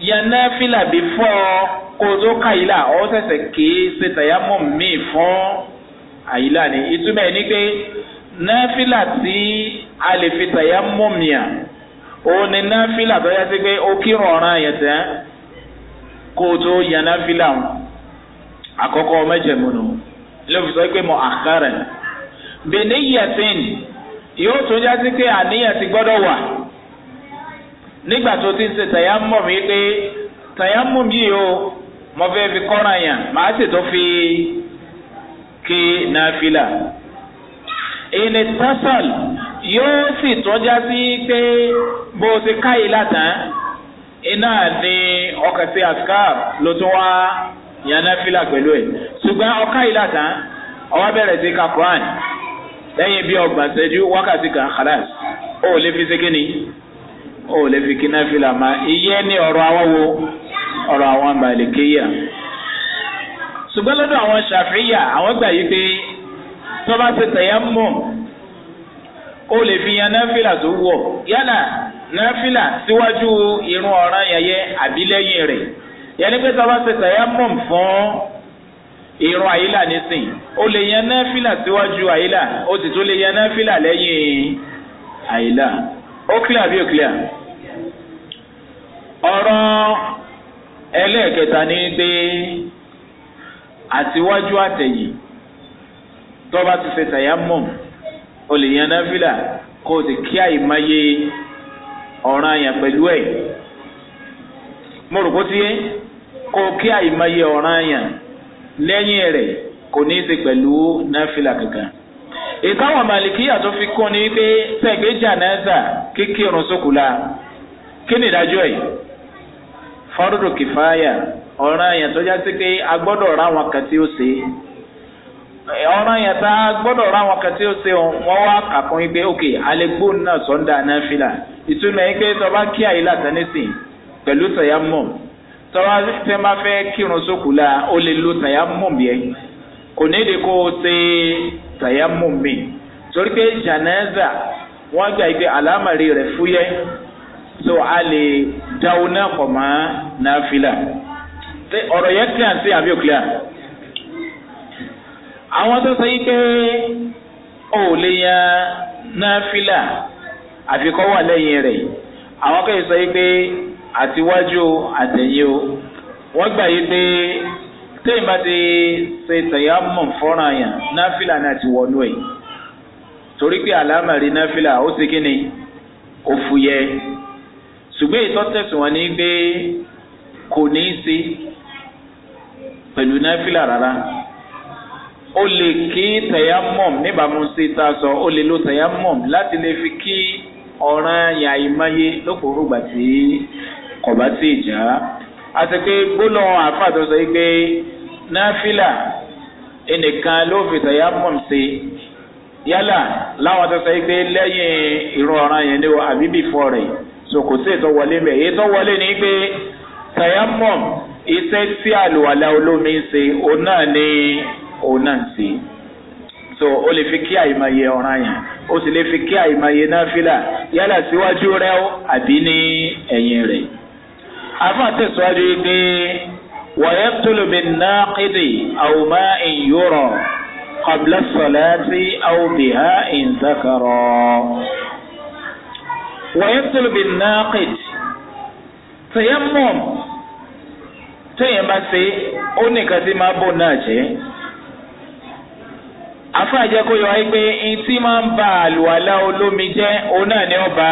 yan náfìlà bí fọ́ kó o tó ká àyílá o ṣẹ̀ṣẹ̀ kì í ṣe tàyámù mi fún àyílá ni ìtumọ̀ ẹ̀ ni pé náfìlà tí a lè fi tàyámù mìíràn. òun ni náfìlà tó yẹ sí pé ó kírun ọ̀ràn yẹn tẹ́ kó o tó yan náfìlà àkọ́kọ́ mẹ́jẹ̀múnú ló fi sọ pé mo àkàrẹ̀ bẹ̀ẹ́ni yẹtìn yóò tó yẹ sí pé àníyàn ti gbọ́dọ̀ wà nígbà tó ti ń ṣe mi pé mi o mo fẹ́ fi kọ́ra yàn màá sì tó fi kí náfìlà ìní tásàlù. yóò sì tọ́já sí pé bó ti káyìí látàn iná ni ọkàn sí askar ló tún wá yànnà fìlà pẹ̀lú ẹ̀ ṣùgbọ́n ọkáyìí látàn ọwọ́ bẹ̀rẹ̀ sí ka quran lẹ́yìn bí ọgbọ̀n ṣẹ́jú wákàtí kan khalas ó lè fi ṣe kíni ó lè fi kíná fìlà ma iye ní ọ̀rọ̀ àwọn wo ọ̀rọ̀ àwọn màlìkéyà ṣùgbọ́n lọ́dọ̀ àwọn ṣàfihàn àwọn gbà yí pé tọ́ba ti tẹ̀yẹ́ mọ̀ o lè fi yan náfìlà tó wọ̀ yálà náfìlà síwájú irun ọ̀ràn yẹyẹ àbí lẹ́yìn rẹ̀ yẹni pé sábà ṣe tàyámọ̀m fún irun àyílà nísìn o lè yan náfìlà síwájú àyílà o sì tún lè yan náfìlà lẹ́yìn àyílà ó clear bí ó clear ọ̀rọ̀ ẹlẹ́ẹ̀kẹta ni pé àtiwájú àtẹ̀yìn tọ́ba ti ṣe tàyámọ̀m o lè yan náfìlà kó o sì kí àìmáyé ọ̀ràn àyàn pẹ̀lú ẹ̀ mo rò kó ti yé kó o kí àìmáyé ọ̀ràn àyàn lẹ́yìn rẹ̀ kò ní í ṣe pẹ̀lú náfìlà kankan ìtàwọn màlìkíyà tó fi kún ni wípé tẹ̀gbẹ́ jánásà kíkí sókùlà kí ni ìdájọ́ ẹ̀ fọ́rọ̀dọ̀ kìfáyà ọ̀ràn àyàn tó já sí pé a ra àwọn kan tí ó ṣe é ọ̀ràn yẹn tá a gbọ́dọ̀ ra àwọn kan tí ó ṣe wọ́n wá kàkún yín pé òkè alẹ́gbó náà sọ́ńdà náà fìlà ìtumọ̀ yín pé tọ́ba kí àyílà tẹ́nísìn pẹ̀lú tẹ̀yàmọ̀ tọ́ba tẹ́ bá fẹ́ kírun sókù la ó lè lo tẹ̀yàmọ̀ yẹn kò ní èdè kó o ṣe tẹ̀yàmọ̀ mi torí pé jàǹdà wọ́n gbà yín pé àlámàrí rẹ̀ fúyẹ́ so a lè dáwọ́ náà pọ̀ mọ́ náà fìlà ọ̀rọ̀ yẹn kíláà àbí òkìlíà àwọn tó sọ yìí pé ó lè yan náfìlà àfi kó wà lẹ́yìn rẹ̀ àwọn kan sọ yìí pé àtiwájú àtẹ̀yìn o wọ́n gbà yìí pé téèyàn bá ti ṣe tẹ̀yàmọ̀ fọ́nrán yàn náfìlà náà ti wọnú ẹ̀ torí pé àlámàrí náfìlà ó ti kí ni ó fúyẹ́ ṣùgbọ́n ìtọ́ tẹ̀sùn wọn ni pé kò ní í ṣe pẹ̀lú náfìlà rárá o lè kí tẹ̀yámọ̀m níbàámu sí ta sọ o lè lo tẹ̀yámọ̀m láti lè fi kí ọ̀ràn yàn àìmọye lókòóró gbà tí kò bá tí ì já àti pé gbólọ àfa tó sọ yìí pé náfìlà ẹnìkan ló fi tẹ̀yámọ̀m sí yálà láwọn tó sọ yìí pé lẹ́yìn ìrún ọ̀ràn yẹn ni àbí bìfọ́ rẹ̀ so kò sí ètò wọlé mẹ́ ètò wọlé ni pé tẹ̀yámọ̀m iṣẹ́ tí àlùwàlà olómi ń ṣe òun náà ni òun náà ń so o lè fi kí àìmọye ọ̀ràn yẹn o sì lè fi kí àìmọye náfìlà yálà síwájú rẹ o àbí ní ẹ̀yìn rẹ̀ afa tẹ̀síwájú yìí pé wọ́yẹ́ tólomi náà kéde àwòmá ìyúrọ̀ kọ̀bílẹ̀ sọ̀láàtì àwòbíhá ìǹdàkàrọ̀ wọ́yẹ́ tólomi náà kéde tẹ̀yẹ́ mọ̀ tẹ̀yẹ́ bá ṣe ó nìkan sí máa bò náà jẹ́ afáàjẹ kó yọ wáyé pé ntí máa ń ba àlùwàlá olómi jẹ òun náà ni ó ba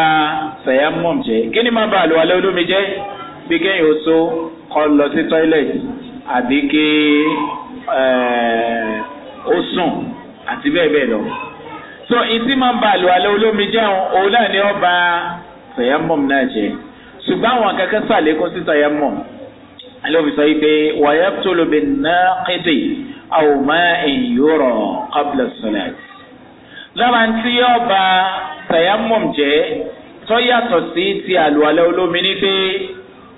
sayamom jẹ kí ni máa ba àlùwàlá olómi jẹ bí kéèyàn ó so kọ lọ sí toilet àbí kí eh, ó sùn àti bẹ́ẹ̀ bẹ́ẹ̀ lọ. so ntí máa ń ba àlùwàlá olómi jẹ òun náà ni ó ba sayamom náà jẹ ṣùgbọ́n àwọn akẹ́kẹ́ sàlékún sí sayamom alóòfin sọ yìí pé wàyà tó lóbi náà kéde aw ma'in yura qabla salat. lára tí yóò ba tayammum jẹ́ tó yàtọ̀ sí ti àlùwalá olómi ní pé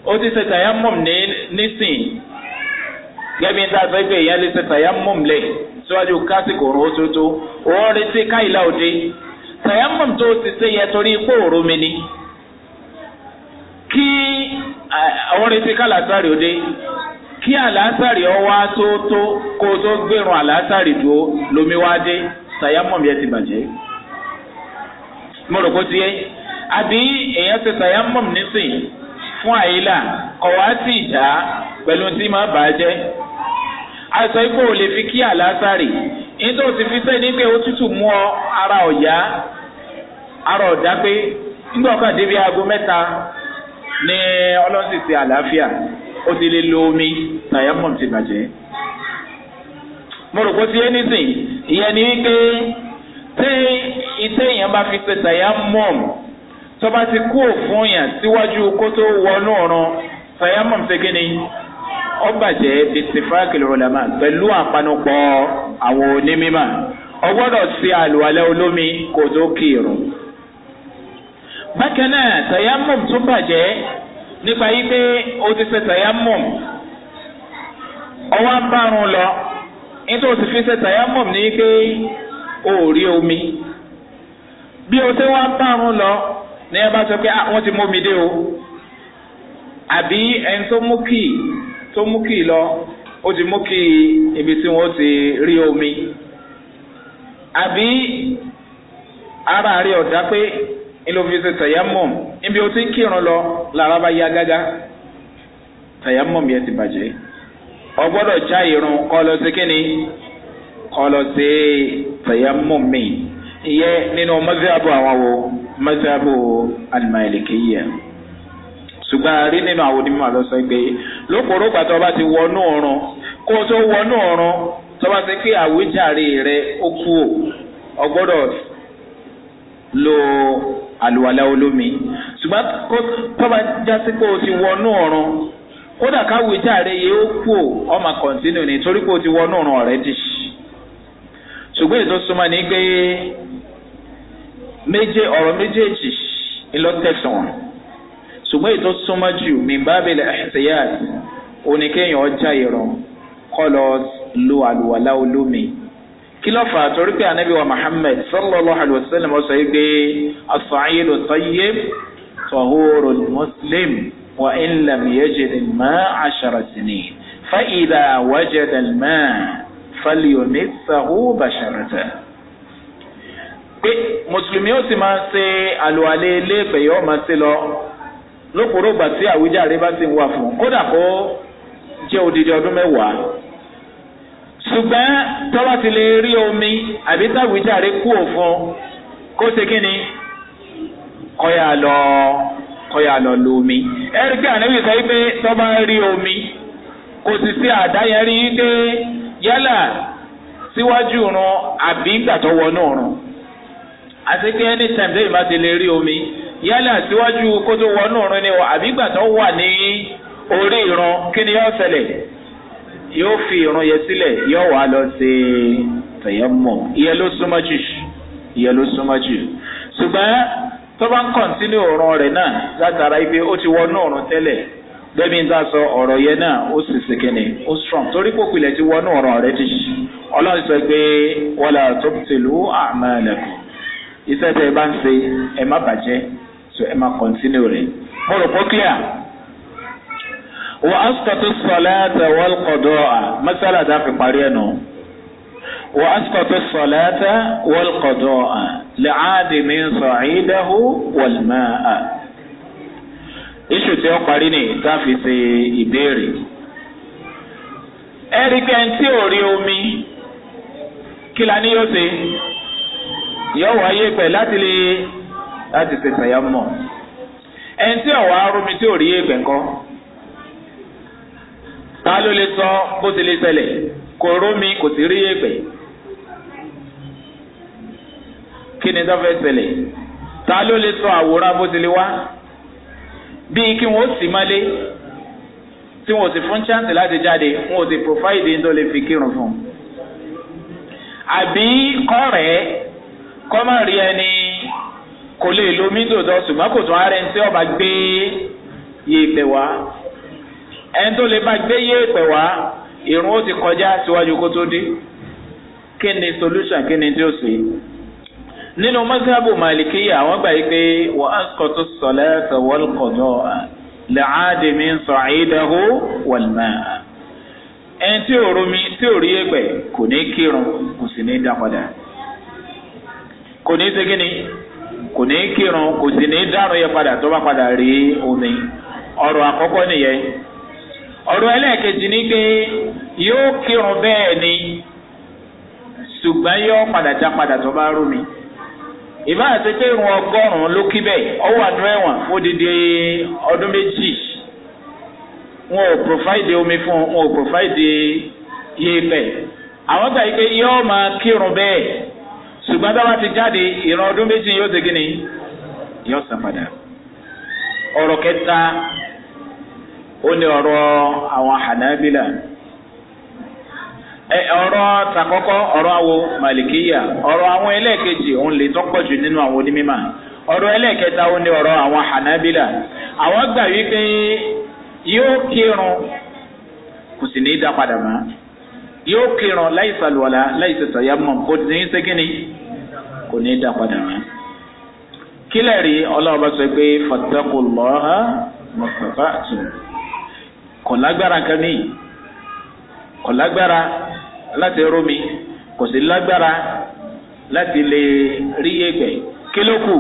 ó ti ṣe tayammum ní nísìn gẹ́gẹ́ bí n ta sọ pé èèyàn lè ṣe tayammum lẹ̀ síwájú kásìkò òrùn ó tó tó òun retí káyìlá òde ti ṣe yẹ torí ipò òru mi ni kí àwọn retí kálásárì kí àlásàrì ọwá tó tó kó tó gbèrún àlásàrì tó lomi wá dé sàyámọ̀mí ẹ ti bàjẹ́ mo rò kó ti yẹ àbí èèyàn ti sàyámọ̀mí nísìnyí fún àyílà kọ̀wá sì dá pẹ̀lú tí máa bàá jẹ́ àìsàn ipò ò lè fi kí àlásàrì nítorí ti fi sẹ́ni pé ó tútù mú ọ ara ọ̀yá ara ọ̀dá pé nígbà ọkàn débi aago mẹ́ta ni ọlọ́sìn ti àlàáfíà. ó ti omi lómi ti bàjẹ́. mo rò pé ti ẹni ìyẹn ni wípé tí ìtẹ́ èèyàn bá fi ṣe tàyámọ̀ tó bá ti kú òfun yàn síwájú kó tó wọnú ọ̀ràn tàyámọ̀ ṣe kí ni ó bàjẹ́ bitifáàkì lọ́lọ́mà pẹ̀lú àpanupọ̀ àwọn onímọ̀ ó gbọ́dọ̀ ṣe àlùwalẹ̀ olómi kó tó kírun. bákan náà tàyámọ̀ tún bàjẹ́ nípa yí pé o ti ṣe tayamum ọwọ́ abárun lọ nítorí o ti fi ṣe tayamum ní pé o ò rí omi bí o ṣe wá abárun lọ ní ẹ bá sọ pé ah, wọ́n ti mú omi dé o àbí ẹni tó mú kì tó mú kì lọ ó ti mú kí ibi tí wọ́n ti rí omi àbí ara rẹ̀ ọ̀dá pé ńlọ fi ṣe tẹ̀yámọ̀m níbi ó ti ń kírun lọ lára bá yá gágá tẹ̀yámọ̀m yẹn ti bàjẹ́ ọgbọ́dọ̀ já irun kọ́ lọ sí kíni kọ́ lọ sí tẹ̀yámọ̀m mi ìyẹn nínú mọ́sáàbù àwọn wo mọ́sáàbù alimailikiyẹ ṣùgbọ́n a rí nínú àwọn onímọ̀ àlọ́sọ pé lóporó gbàtọ́ bá ti wọnú ọ̀run kó o tó wọnú ọ̀run tọ́ba ti pé àwíjàre rẹ ó kú o ọgbọ́dọ̀ lo àlùwàlà olómi ṣùgbọ́n tọ́ba jásí pé o ti wọnú ọ̀run kódà káwé tí ààrẹ yìí ó kú ọmọ kọ̀ǹtínú ni torí pé o ti wọnú ọ̀run ọ̀rẹ́ dì ṣùgbọ́n ètò súnmọ́ ni pé méje ọ̀rọ̀ méjèèjì ńlọ tẹ̀sán wọn ṣùgbọ́n ètò súnmọ́ jù mìbábẹ́lẹ̀ ẹ̀ṣẹ̀yà oníkéèyàn ọjà ìrọ̀ kọ́ lo àlùwàlà olómi kí ló fà á torí pé anabi wa muhammed sallallahu alayhi wa sallam ọsọ yìí pé asàáyélu tayé tọhóró muslim wa ilẹ̀ miyẹ́jẹ̀dẹ̀ mọ́ aṣarasini fa'ida wajẹ̀dẹ̀ mọ́ faliyomisahu basharata. pé mùsùlùmí ó sì máa ṣe àlùwalé ilé ìfẹ̀ yóò máa ṣe lọ lókòrógbà tí àwíjàre bá ti wà fún kódà kó jẹ́ odidi ọdún mẹ́wàá ṣùgbọ́n tọ́ba ti lè rí omi àbí táwùjáre kú òfun kó ṣe kí ni kọ́yà lọ kọ́yà lọ lo omi. ẹ̀rí pé ànábì sọ pé tọ́ba rí omi kò sì sí àdáyẹrí dé yálà síwájú run àbí ìgbà run àti pé anytime tẹ́yìn bá ti lè rí omi yálà síwájú kó wọnú run ni àbí ìgbà tó wà ní orí ìran kí ni yóò ṣẹlẹ̀. yóò fi irun sílẹ̀ yóò wá lọ sí tẹ̀yẹ́mọ̀ ìyẹn ló súnmọ́ jù ìyẹn ló súnmọ́ jù ṣùgbọ́n tó bá ń kọ̀ǹtínú ibi ó ti wọnú tẹ́lẹ̀ ń sọ ọ̀rọ̀ yẹn náà torí pilẹ̀ ti wọnú rẹ̀ ti ṣì ọlọ́run sọ pé wọlé tó tìlú iṣẹ́ ẹ bá ń ṣe ẹ má bàjẹ́ wà á sọ̀tún sọ̀lá tẹ̀ wọ́n kọ̀dọ̀ à mọ́sálà tá a fi parí ẹ̀ nù. wà á sọ̀tún sọ̀lá tẹ̀ wọ́n kọ̀dọ̀ à lẹ́càdì mi sọ̀ ìdáhu wọ̀lmá à. ni tá fi ṣe ìbéèrè. ẹ̀rí pé ẹni tí ò omi kí la ní yóò ṣe yóò wáyé pẹ̀ láti lè láti ṣe ṣàyàmọ̀ ẹni tí ò wá rómi tí ò rí ègbẹ̀ kan ta ló lè sọ bó ti lè ṣẹlẹ̀ kò rómi kò sí rí èpè kí ni tó fẹ́ ṣẹlẹ̀ ta ló lè sọ àwòrán bó ti lè wá bíi kí wọn ó sì mọ́lé tí wọn ò sì fún chance láti jáde wọn ò sì provide tó lè fi kírun fún un àbí kọ́rẹ́ kọ́mọ̀rí ẹni kò lè lo mí ṣùgbọ́n kò tún ara ẹni tí ọba gbé yèèpẹ̀ wá ẹni tó lè bá gbé yé pẹ̀ wá ìrún ó ti kọjá síwájú kó tó dé kí ni solution kí ni tí ó sì nínú mọ́sáàbù màlìkíyà àwọn gbà yí pé wọ́n á kọ́tù sọ̀lẹ́ tẹ̀wọ́lù kọ̀dọ̀ làádìmí sọ̀ọ́ìdáhù wọ̀lmà ẹni tí ò romi tí ò rí ẹgbẹ kò ní kírun kò sì ní dá padà kò ní ṣe kíni kò ní kírun kò sì ní dárun yẹ padà tó bá padà rí omi ọ̀rọ̀ àkọ́kọ́ nìyẹn ọ̀rọ̀ ẹlẹ́ẹ̀kejì ni pé yóò kírun bẹ́ẹ̀ ni ṣùgbọ́n yóò padà já padà tó bá rú mi ìbá àti pé irun ọgọ́rùn-ún ló kí bẹ́ẹ̀ ọwọ́ àdó ẹ̀wọ̀n fódìdí ọdún méjì wọn ò pòfáìdì omi fún wọn ò pòfáìdì yéèpẹ̀ àwọn gbà yí pé yóò máa kírun bẹ́ẹ̀ ṣùgbọ́n tá a bá ti jáde ìran ọdún méjì yóò ṣe kí ni yóò sàn ọ̀rọ̀ kẹta ó ní ọ̀rọ̀ àwọn hanabila ẹ ọ̀rọ̀ takọ́kọ́ ọ̀rọ̀ awo malikiya ọ̀rọ̀ àwọn ẹlẹ́ẹ̀kejì òun lè tọ́pọ̀ jù nínú àwọn onímọ̀ ọ̀rọ̀ ẹlẹ́ẹ̀kẹta ó ọ̀rọ̀ àwọn hanabila àwọn gbà wípé yóò kírun kò sì ní í dá padà mọ́ yóò kírun láì sàlùwàlà láì mọ̀ kò ní í kò ní í dá padà mọ́ kílẹ̀ rí ọlọ́ọ̀bá sọ pé fatakulọ́ha kò lágbára kan ní kò lágbára láti rómi kò sí lágbára láti lè rí yẹ̀pẹ̀ kílókù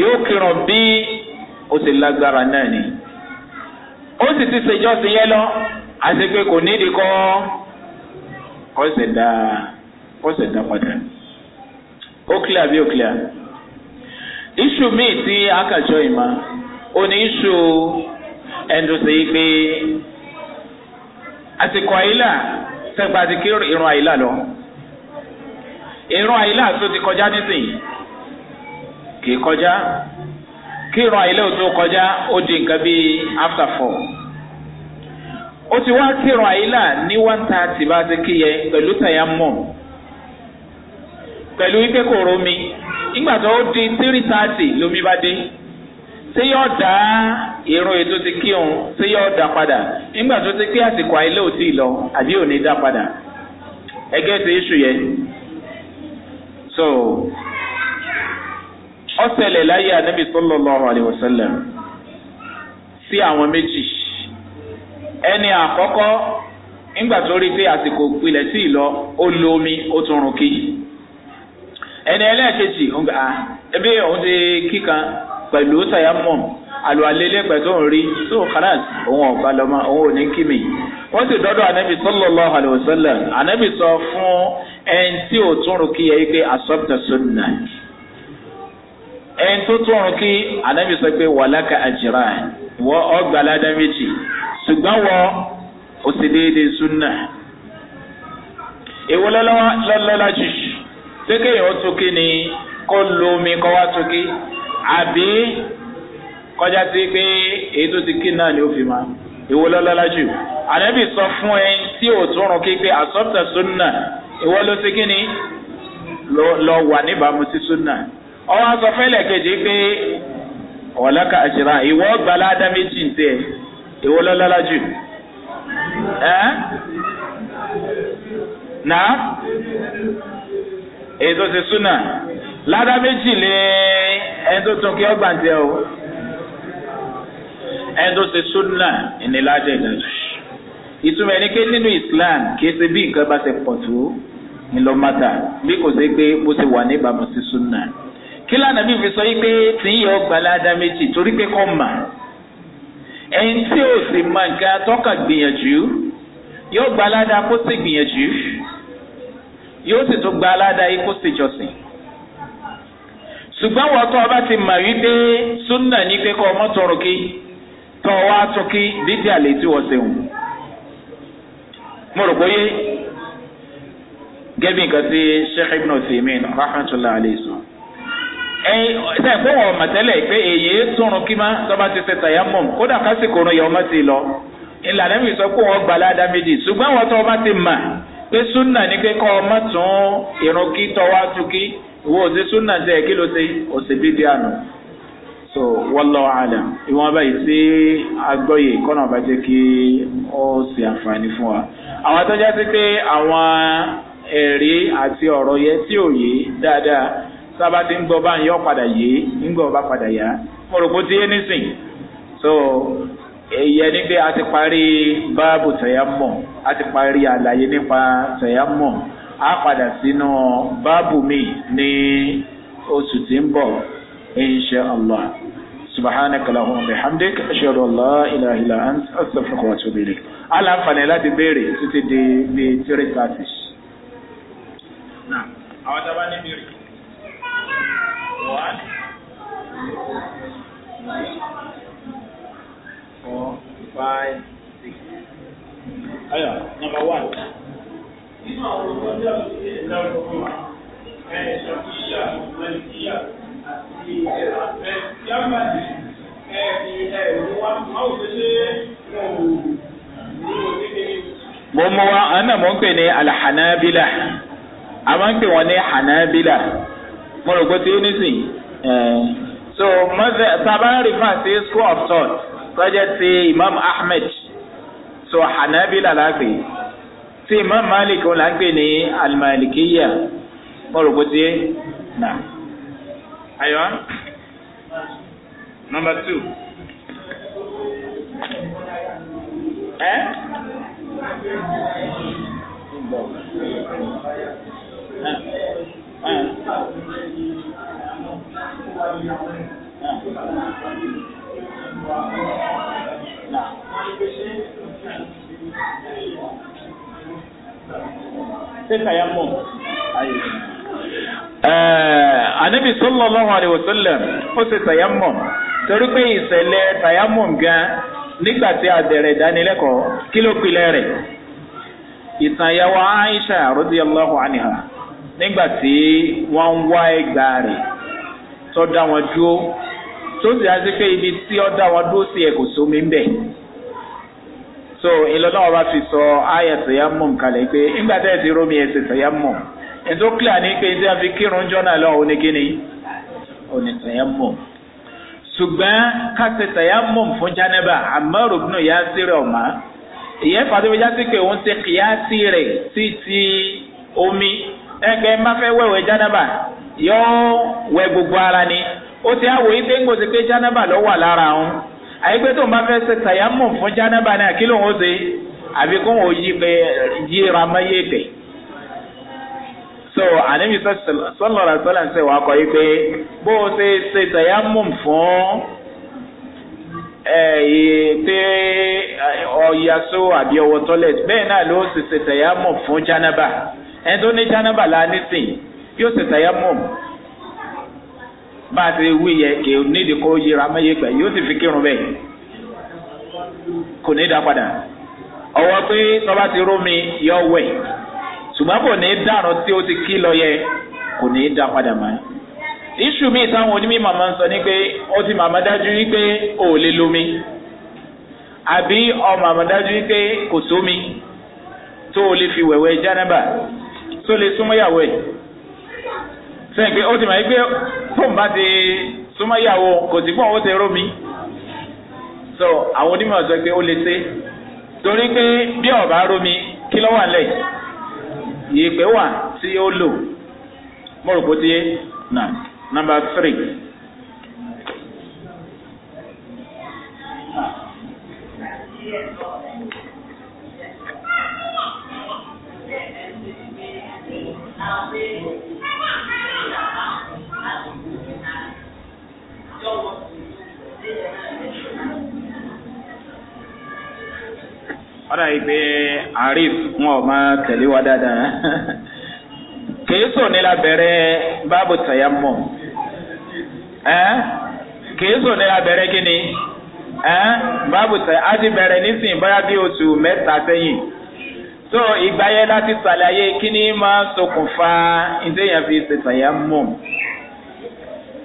yóò kírun bí ó ti lágbára náà ni ó sì ti ṣèjọ́sìn yẹn lọ àti pé kò nídìí kọ́ kọ́ ṣẹ̀dá kọ́ ṣẹ̀dá padà ó clear bí ó clear iṣu míì tí a kà jọ ìmọ̀ ó ní iṣu ẹnu tó pé. àsìkò àyílà sẹ́gbà àti kí irun lọ irun àyílà tó ti kọjá nísìnyí kì í kọjá kí irun tó kọjá ó di nǹkan bíi after four ó ti wá kí irun àyílà ní one thirty bá ti kí yẹ pẹ̀lú tàyà mọ̀ pẹ̀lú wípé omi romi tí yóò dá irun ètò ti kí òun yóò dá padà nígbà tó ti pé àsìkò ò tíì lọ àbí ò ní dá padà ẹgẹ́ ti iṣu yẹn so ọsẹlẹ láyé anabi sallallahu sí àwọn méjì ẹni àkọ́kọ́ nígbà tó rí pé àsìkò ó lo omi ó tún rún kí ẹni ẹlẹ́ẹ̀kejì ah, ẹbí òun ti kíkan pẹ̀lú tayamum àlùwalélé pẹ̀tọ́ òrí tó khalas òun ọ̀gá lọ́mọ òun ò ní kí wọ́n sì dọ́dọ̀ anabi sallallahu alaihi anabi sọ fún Ẹn tí ò tún rún kí yẹ pé asọ́pítà sunna ẹni tó tún rún kí anabi sọ pé wàlákà àjìrà wọ́n ọgbà ládàá ṣùgbọ́n wọ́n ó sì èwo lọ́lọ́lá jù kéèyàn ó tún kí ni kó lo kó wá tún kí. àbí kọjá sí pé èyí tó ti kí náà ni ó fi máa ìwo lọ́lọ́lá jù ànábì sọ fún ẹ tí ò tún rún képe àsọ́tà sunna ìwọ ló ti kí ni lọ wà níbàámu sí sunna ọwọ́ sọ fẹ́lẹ̀ kejì pé ọ̀làkà àṣírà ìwọ gbalada méjì ń tẹ ìwo lọ́lọ́lá jù nà èyí tó ti sunna ládá méjì ni ẹni tó tún kí ọ gbàǹtẹ o ẹni tó ṣe súnà ìníládé ìdájọ́ ìtumọ̀ ẹni pé nínú Islam kìí ṣe bí nǹkan bá ṣe pọ̀ tó ńlọmọta bí kò ṣe pé bó ṣe wà níbàámu sí súnà kí lánàá bí fi sọ yìí pé tí ń yẹ ọgbà ládàá méjì torí pé kọ́ mà ẹni tí ò sì mọ nǹkan tọ́ka gbìyànjú yóò gba ládàá kó sì gbìyànjú yóò sì tún gba ládàá yìí kó sì jọsìn ṣùgbọ́n wọ́n tọ́ ọba ti mọ̀ wípé súnà ní pé kọ́ ọmọ tọrọ kí tọ́ ọ wá tó kí dídí àlè tí wọ́n ṣe wù. mo rò pé gẹ́bí nǹkan tí sheikh ibn Uthaymeen rahmatulah alayhi sọ. ẹyin sẹ́yìn pé wọ́n mọ̀ tẹ́lẹ̀ pé èyí tọrọ kí má tọ́ba ti ṣe tàyà mọ̀ kódà kásìkò ọ̀nà ọmọ ti lọ. ìlànà mi sọ pé wọ́n gbà ládá méjì ṣùgbọ́n wọ́n tọ́ ọba ti mọ̀ pé súnà ní pé kọ́ ọmọ tún ìrùn kí tọ́ wá tó kí ìwọ ò sí súnà tẹ kí ló ṣe ò bí díà nù so wallahu alam ìwọ̀n báyìí sí agbọ́yè kọ́nà bá jẹ́ kí ó sì àǹfààní fún wa àwọn tó jẹ́ sí pé àwọn ẹ̀rí àti ọ̀rọ̀ yẹ tí ò yé dáadáa sábà ti ń gbọ́ bá ń yọ padà yé ń gbọ́ bá padà yá mo rò pé ó ti yé nísìn so èyí ẹni pé a ti parí báàbù tẹ̀yà mọ̀ a ti parí àlàyé nípa tẹ̀yà mọ̀ á padà sínú báàbù mi ní oṣù tí ń bọ̀ insha allah subhanaka lahum bihamdik ashhadu an la ilaha illa ant astaghfiruka wa atubu ilayk ala nfani láti béèrè títí di bíi three thirty. àwọn tá a bá ní bèrè one four five six. Aya, number one nínú àwọn ọmọdé àti ẹ̀dá ọgbọ́n ẹ̀ ṣàkíyà mẹ́lìkíyà àti ẹ̀rọ ẹ̀ mo mọ wa ana mo ń pè ní alhanabila a máa ń pè wọn ní hanabila mo rò pé tí so mọ́tẹ́ tabarari fan sí school of thought tọ́jẹ́ ti imam ahmed so hanabila láti tí imam malik wọn là ń pè ní alimalikiya wọn rò pé tí ayiwa nọmba two. Nah. sai tayammum anabi eh, sallallahu alayhi wa sallam ó ṣe tayammum torí pé gan nígbà tí a bẹ̀rẹ̀ ìdánilẹ́kọ̀ọ́ kí ló pilẹ̀ rẹ̀ ìtàn aisha radiyallahu anha nígbà tí wọ́n ń wá ẹgbà rẹ̀ tó dá ibi tí ó dá wọn dúró sí ẹ̀ sómi ń so ìlọ́lá ọba fi sọ ayẹ tẹ̀yàmọ̀ kalẹ̀ pé ńgbà tẹ́ ti rómi ẹsẹ̀ tẹ̀yàmọ̀ ètò kílà ní pé tí a fi kírun jọ́nà lọ òní kíni òní tẹ̀yàmọ̀ ṣùgbọ́n fún jánẹ́bà àmọ́ rògbònà rẹ̀ omi ẹgbẹ́ wẹ̀wẹ̀ jánẹ́bà yọ wẹ gbogbo ara ni ó ti àyígbé tó ń bá fẹ́ ṣe tàyámù fún jánábà náà kí ló ń ṣe àbí kó ń yí pé yíra mẹ́yẹ tẹ̀. so ànábi sọlọ́ra sọlá ń ṣe wàá kọ́ yìí pé bó o ṣe ṣe tàyámù fún pé ọ̀yàsó àbí ọwọ́ tọ́lẹ̀tì bẹ́ẹ̀ náà ló ṣe ṣe tàyámù fún jánábà ẹni tó ní jánábà la nísìnyí yóò ṣe tàyámù fún bá a ti wí yẹ kì í kó yẹra mẹ́yẹ pẹ̀ yóò sì fi kírun bẹ́ẹ̀ kò ní dá padà ọwọ́ pé tọ́ba ti mi yọ wẹ̀ ṣùgbọ́n kò ní dànù tí o ti kí lọ yẹ kò ní dá padà mọ́ iṣu mi táwọn onímọ̀ màmá ń sọ ni pé ó ti màmá dájú wípé ò lè lomi àbí ọmọ dájú kò sómi tó o lè fi wẹ̀wẹ̀ tó lè súnmọ́ yàwó ẹ̀ fóun bá ti súnmọ́ kò sí fún àwọn tẹ rómi so àwọn onímọ̀ sọ pé ó lè ṣe torí pé bí ọ̀bá rómi kí lọ́wọ́ àlẹ́ ìpè wà tí ó lò mo rò pé ó ti yé nà nàmbà tírì. Thank you. ọ̀dà yìí arif wọn ò máa tẹ̀lé wa dáadáa kèésù ní báàbò tẹ̀yà mọ̀ kèésù ní la bẹ̀rẹ̀ báàbò tẹ̀yà á bẹ̀rẹ̀ nísìnyí báyà bí oṣù mẹ́ta sẹ́yìn so ìgbà yẹn láti ṣàlàyé kí máa ṣokùnfà ìdéyàn fi tẹ̀yà mọ̀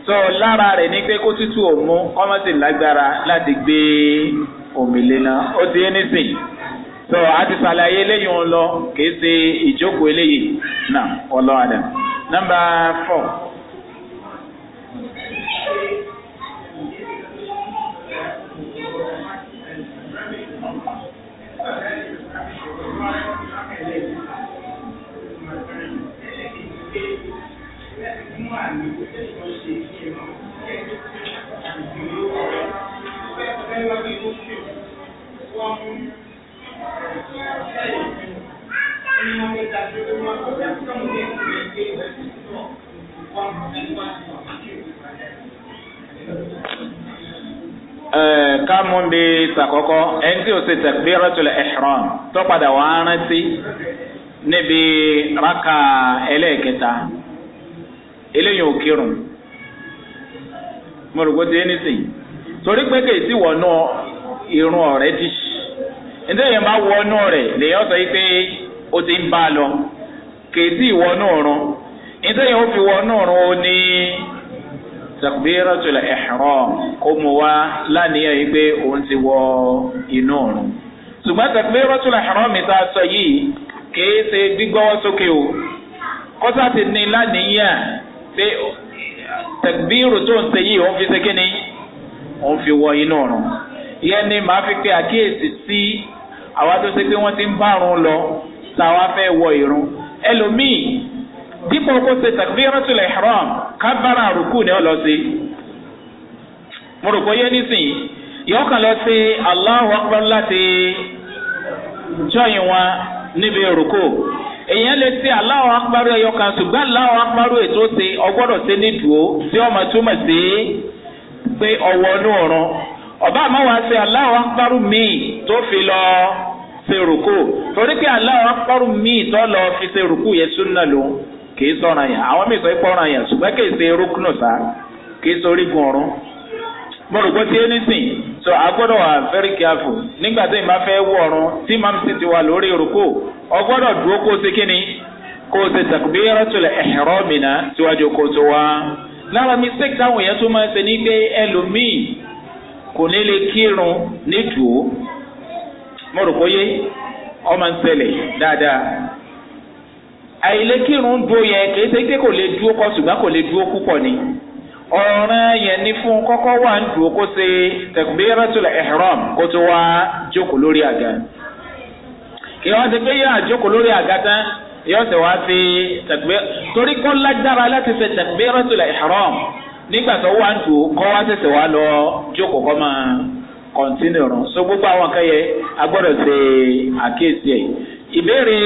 so lára rẹ̀ ní pé kó tútù kọ́mọ́sì lágbára òmìnira náà ó ti ní sìn so àti sàlàyé eléyìí ń lọ kì ṣe ìjókòó eléyìí náà ọlọ́ nọmba fọ. kámúndé sàkọ́kọ́ ẹni tí ó ṣe takbiratul ihram tó padà wà á rántí níbi raka ka ele ò kírun mo rò pé tí ẹni tori torí pé kì í irun ọ̀rẹ́ ti lọ fi takbiratul ihram kó mu wá lánìyàn yìí pé òun ti wọ inú ọ̀run ṣùgbọ́n takbiratul ihram mi ta sọ yìí kìí ṣe gbígbọ́wọ́ sókè o kọ́sà ti ní lánìyàn pé takbiru tó ń ṣe yìí òun fi ṣe kí ni òun fi wọ inú ọ̀run ìyẹn ni màá fi pe àkíyèsí sí àwa tó ṣe pé wọ́n ti ń bá àrùn lọ táwa fẹ́ wọ ìrun ẹlòmíì dípò kó ṣe takbiratul ihram kábàárà àrùkù ni ó lọ sí mo rò pé yé nísìnyí yóò kàn lọ sí Allahu akbar láti jọyìn wọn níbi rùkù èèyàn lè ṣe Allahu akbar ẹyọ kan ṣùgbọ́n Allahu akbar ètò ṣe ọgbọ́dọ̀ ṣe nídùú tí ó máa túmọ̀ sí pé ọwọ́ inú ọ̀run ọba àmọ́ wàá ṣe Allahu akbar míì tó fi lọ ṣe rùkù torí pé Allahu akbar míì tó lọ fi ṣe rùkù yẹn sunna lòun. kìí sọ̀ràn yẹn àwọn míì sọ pé ọ̀ràn yẹn ṣùgbọ́n kìí ṣe rúkúnù sá kìí ṣe orígun ọ̀run. mo rò pé tí ẹni so a wà very careful nígbà tí ìmá fẹ́ ọ̀run tí màmú sì ti wà lórí ìrùkù ọ dúró kó ṣe kíni kó ṣe takbiratul ihrami náà síwájú kó tó wá. lára mistake táwọn èèyàn tó máa ṣe ní pé ẹlòmíì kò ní lè kírun mo àìlékírun dúró yẹn kì í ṣe pé kò lè dúró kọ ṣùgbọ́n kò lè dúró púpọ̀ ni ọ̀ràn yẹn ní fún kọ́kọ́ wà ń dúró kó ṣe tẹ̀kùbíyẹ́rẹ́tùlà ẹ̀hẹ́rọ́m kó tó wá jókòó lórí àga kì í wá ṣe pé yóò àjókòó lórí àga tán yóò ṣe wá fi tẹ̀kùbíyẹ́ torí kó lágbára láti ṣe tẹ̀kùbíyẹ́rẹ́tùlà ẹ̀hẹ́rọ́m nígbà tó wà ń dúró kọ́ wá ṣẹ̀ṣẹ̀ wá lọ jókòó kọ́ máa kọ̀ntínú rùn so gbogbo àwọn akẹ́yẹ agbọ́dọ̀ ṣe àkíyèsí ẹ̀ ìbéèrè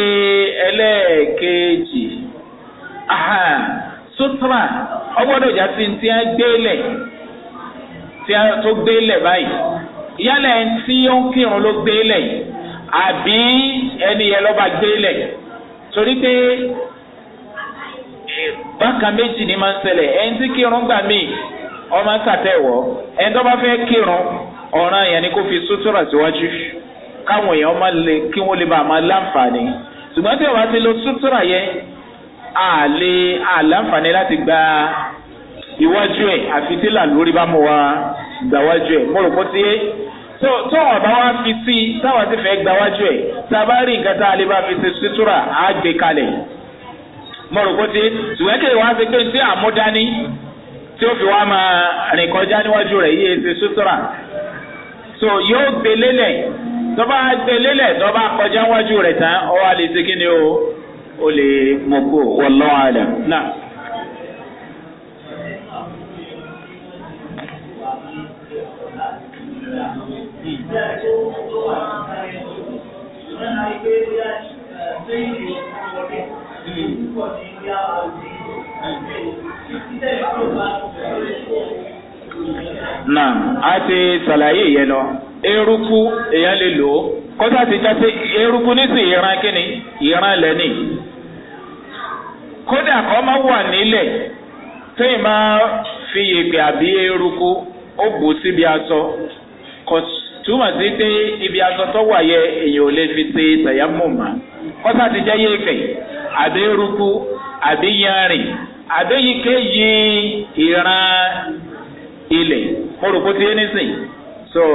ẹlẹ́ẹ̀kejì sutra ọgbọ́dọ̀ jà sí ti á gbélẹ̀ tí a tó gbélẹ̀ báyìí yálà ẹni tí ó ń kírun ló gbélẹ̀ àbí ẹni yẹn lọ́ba gbélẹ̀ torí pé bákan méjì ni máa ń ṣẹlẹ̀ ẹni tí kírun gbà mí ọmọ sàtẹ̀wọ̀ ẹni tó bá fẹ́ kírun ọ̀ràn yẹn ni kò fi sutura síwájú. Si káwọn èèyàn má lè kí wọ́n lè bá a máa láǹfààní ṣùgbọ́n tí ìwà ti lo sútúrà yẹn àlè àláǹfààní láti gba iwájú ẹ̀ àfi tí làlórí bá mú wa gbàwájú ẹ̀ mo rò pé tí tó wọn bá wá fi sí táwa ti fẹ́ gbàwájú ẹ̀ tá a bá rí nǹkan tá a lè bá fi ṣe sútúrà á gbé kalẹ̀ mo rò pé tí ṣùgbọ́n kí ìwà ti pé tí àmúdání tí ó fi wá máa rìn kọjá níwájú rẹ̀ yíyẹ ṣe sútúrà so yóò gbélé lẹ̀ tọ́ba tẹ̀lélẹ̀ tọ́ba kọjá wájú rẹ̀ tán ọ wá lè ṣe kí ni o ó lè mọ̀ kó wọ́lọ́ àlẹ́ náà. Naam, a ti ṣàlàyé yẹn lọ. eruku èèyàn lè lò ó kọ́tà ti já sí eruku nísìnyí ìran kínní ìran lẹ́nì kódà kọ́ máa wà nílẹ̀ téèyàn máa fi yèpè àbí eruku ó bù síbi aṣọ kò túmọ̀ sí pé ibi aṣọ tó wà yẹ èèyàn ò lè fi ṣe ti eruku àbí yanrìn àbí ìran ilẹ̀ mo rò pé ti so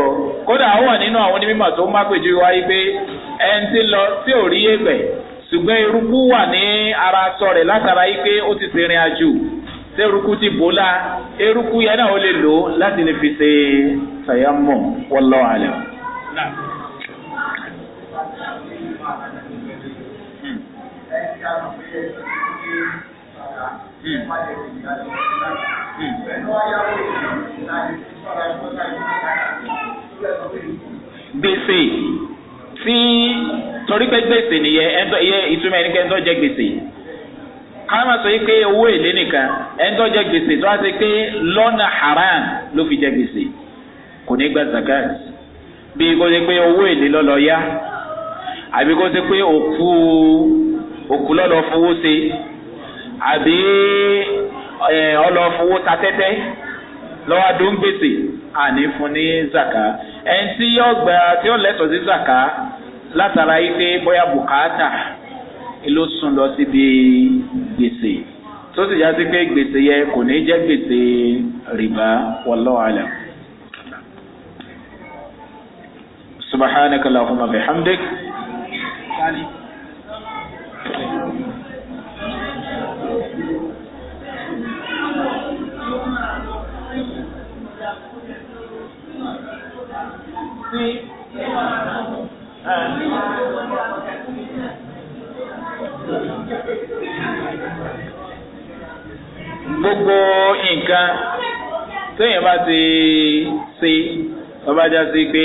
kódà ó wà nínú àwọn onímọ̀ tó má pèjú wáyé pé ẹni tí lọ tí ò rí ègbẹ̀ ṣùgbọ́n eruku wà ní ara sọ rẹ̀ látara yìí pé ó ti ṣe ìrìn àjò tí eruku ti bò la eruku yẹn náà ó lè lò láti lè fi ṣe ṣàyàmọ̀ wọlọ́ àlẹ́. Hmm. Hmm. hmm. gbèsè tí torí pé gbèsè nìyẹn ẹ̀ńtọ́ ìtumọ̀ ẹni pé gbèsè sọ pé owó èlé nìkan ẹ̀ńtọ́ jẹ gbèsè tó a ti pé haram ló fi gbèsè kò ní gba zakat bí kò ṣe pé owó èlé lọ́lọ́ yá àbí kó pé òkú òkú lọ́lọ́ fowó ṣe àbí lọ́wọ́ adó ń gbèsè àní fún ní zaka ẹni tí yóò gbà tí yóò lẹ́tọ̀ sí zaka látara yìí pé bóyá bùkátà ló sùn lọ síbi gbèsè tó sì já sí pé gbèsè yẹ kò ní jẹ́ gbèsè rìbá wọlọ́wọ́ àlẹ́. سبحانك اللهم بحمدك ti ṣe tọ́ba já sí pé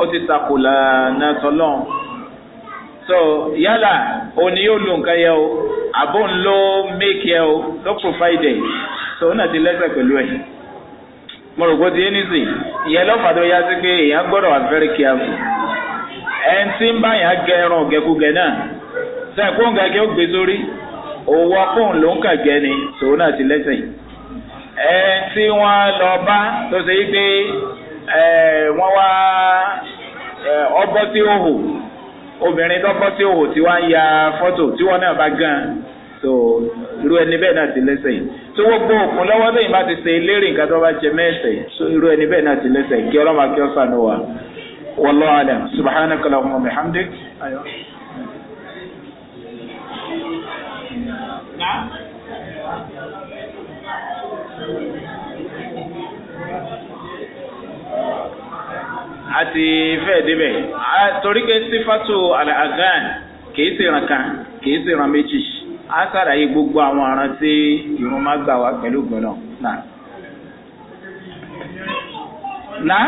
ó ti takò lànà tọ́lọ́n so yálà òní yóò lo nǹkan yẹ o àbò ń lo make yẹ o ló provide ẹ so ó nà ti lẹ́sẹ̀ pẹ̀lú ẹ̀ mo rò pé ti yé nísì ìyẹn lọ́fà tó yá sí pé èèyàn gbọ́dọ̀ wà very careful ẹ̀ ń tí ń bá yàn gẹ ẹran ọ̀gẹ́kúgẹ náà sẹ́ẹ̀kú ń gẹ́gẹ́ ó gbé sórí òwò ọkùnrin ló ń kà gẹ́ ni sòwò náà ti lẹ́sẹ̀ yìí. ẹ tí wọ́n lọ bá tó ṣe pé wọ́n wá ọbọ̀ tí ó hò obìnrin tí ó hò tí wọ́n ya fọ́tò tí wọ́n náà bá gan so irú ẹni bẹ́ẹ̀ náà ti lẹ́sẹ̀ yìí tó gbogbo òkun lọ́wọ́ ti ṣe nǹkan jẹ so irú ẹni bẹ́ẹ̀ náà ti lẹ́sẹ̀ kí àti fẹ́ẹ̀ débẹ̀ torí pé sífàtò àgán kìí sì ràn kan kìí sì ràn méjì á sàlàyé gbogbo àwọn àrùn tí irun ma gbà wá pẹ̀lú gbọ̀nà náà. Na?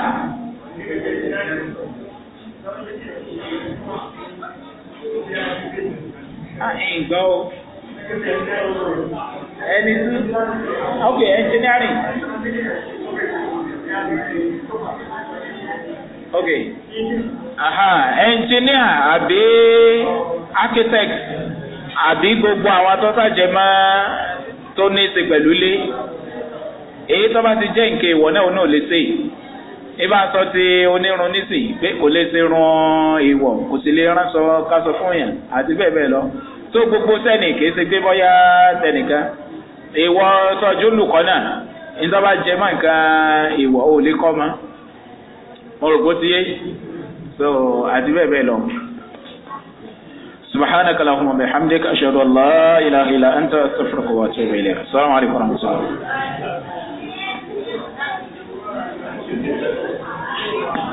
Àìgbọ́ o. Ẹni tí, ok, engineering. ok aha engineer àbí architect àbí gbogbo àwọn atọ́sàjẹmọ́ tó ní í ṣe pẹ̀lú ilé èyí tó bá ti jẹ́ nǹkan ìwọ náà náà lè ṣe ibà sọ ti onírun nísìnyí pé kò lè ṣe run ìwọ kò sì lè ránṣọ lọ tó gbogbo sẹ́nì kìí ṣe gbé bọ́yá tẹnìkan ìwọ tọjú lùkọ́ náà ìjọba jẹ ka ìwọ ò lè mo rò pé ó ti yé so àti bẹ́ẹ̀ bẹ́ẹ̀ lọ. سبحانك اللهم وبحمدك أشهد أن لا إله إلا أنت أستغفرك وأتوب إليك السلام عليكم ورحمة الله Thank you.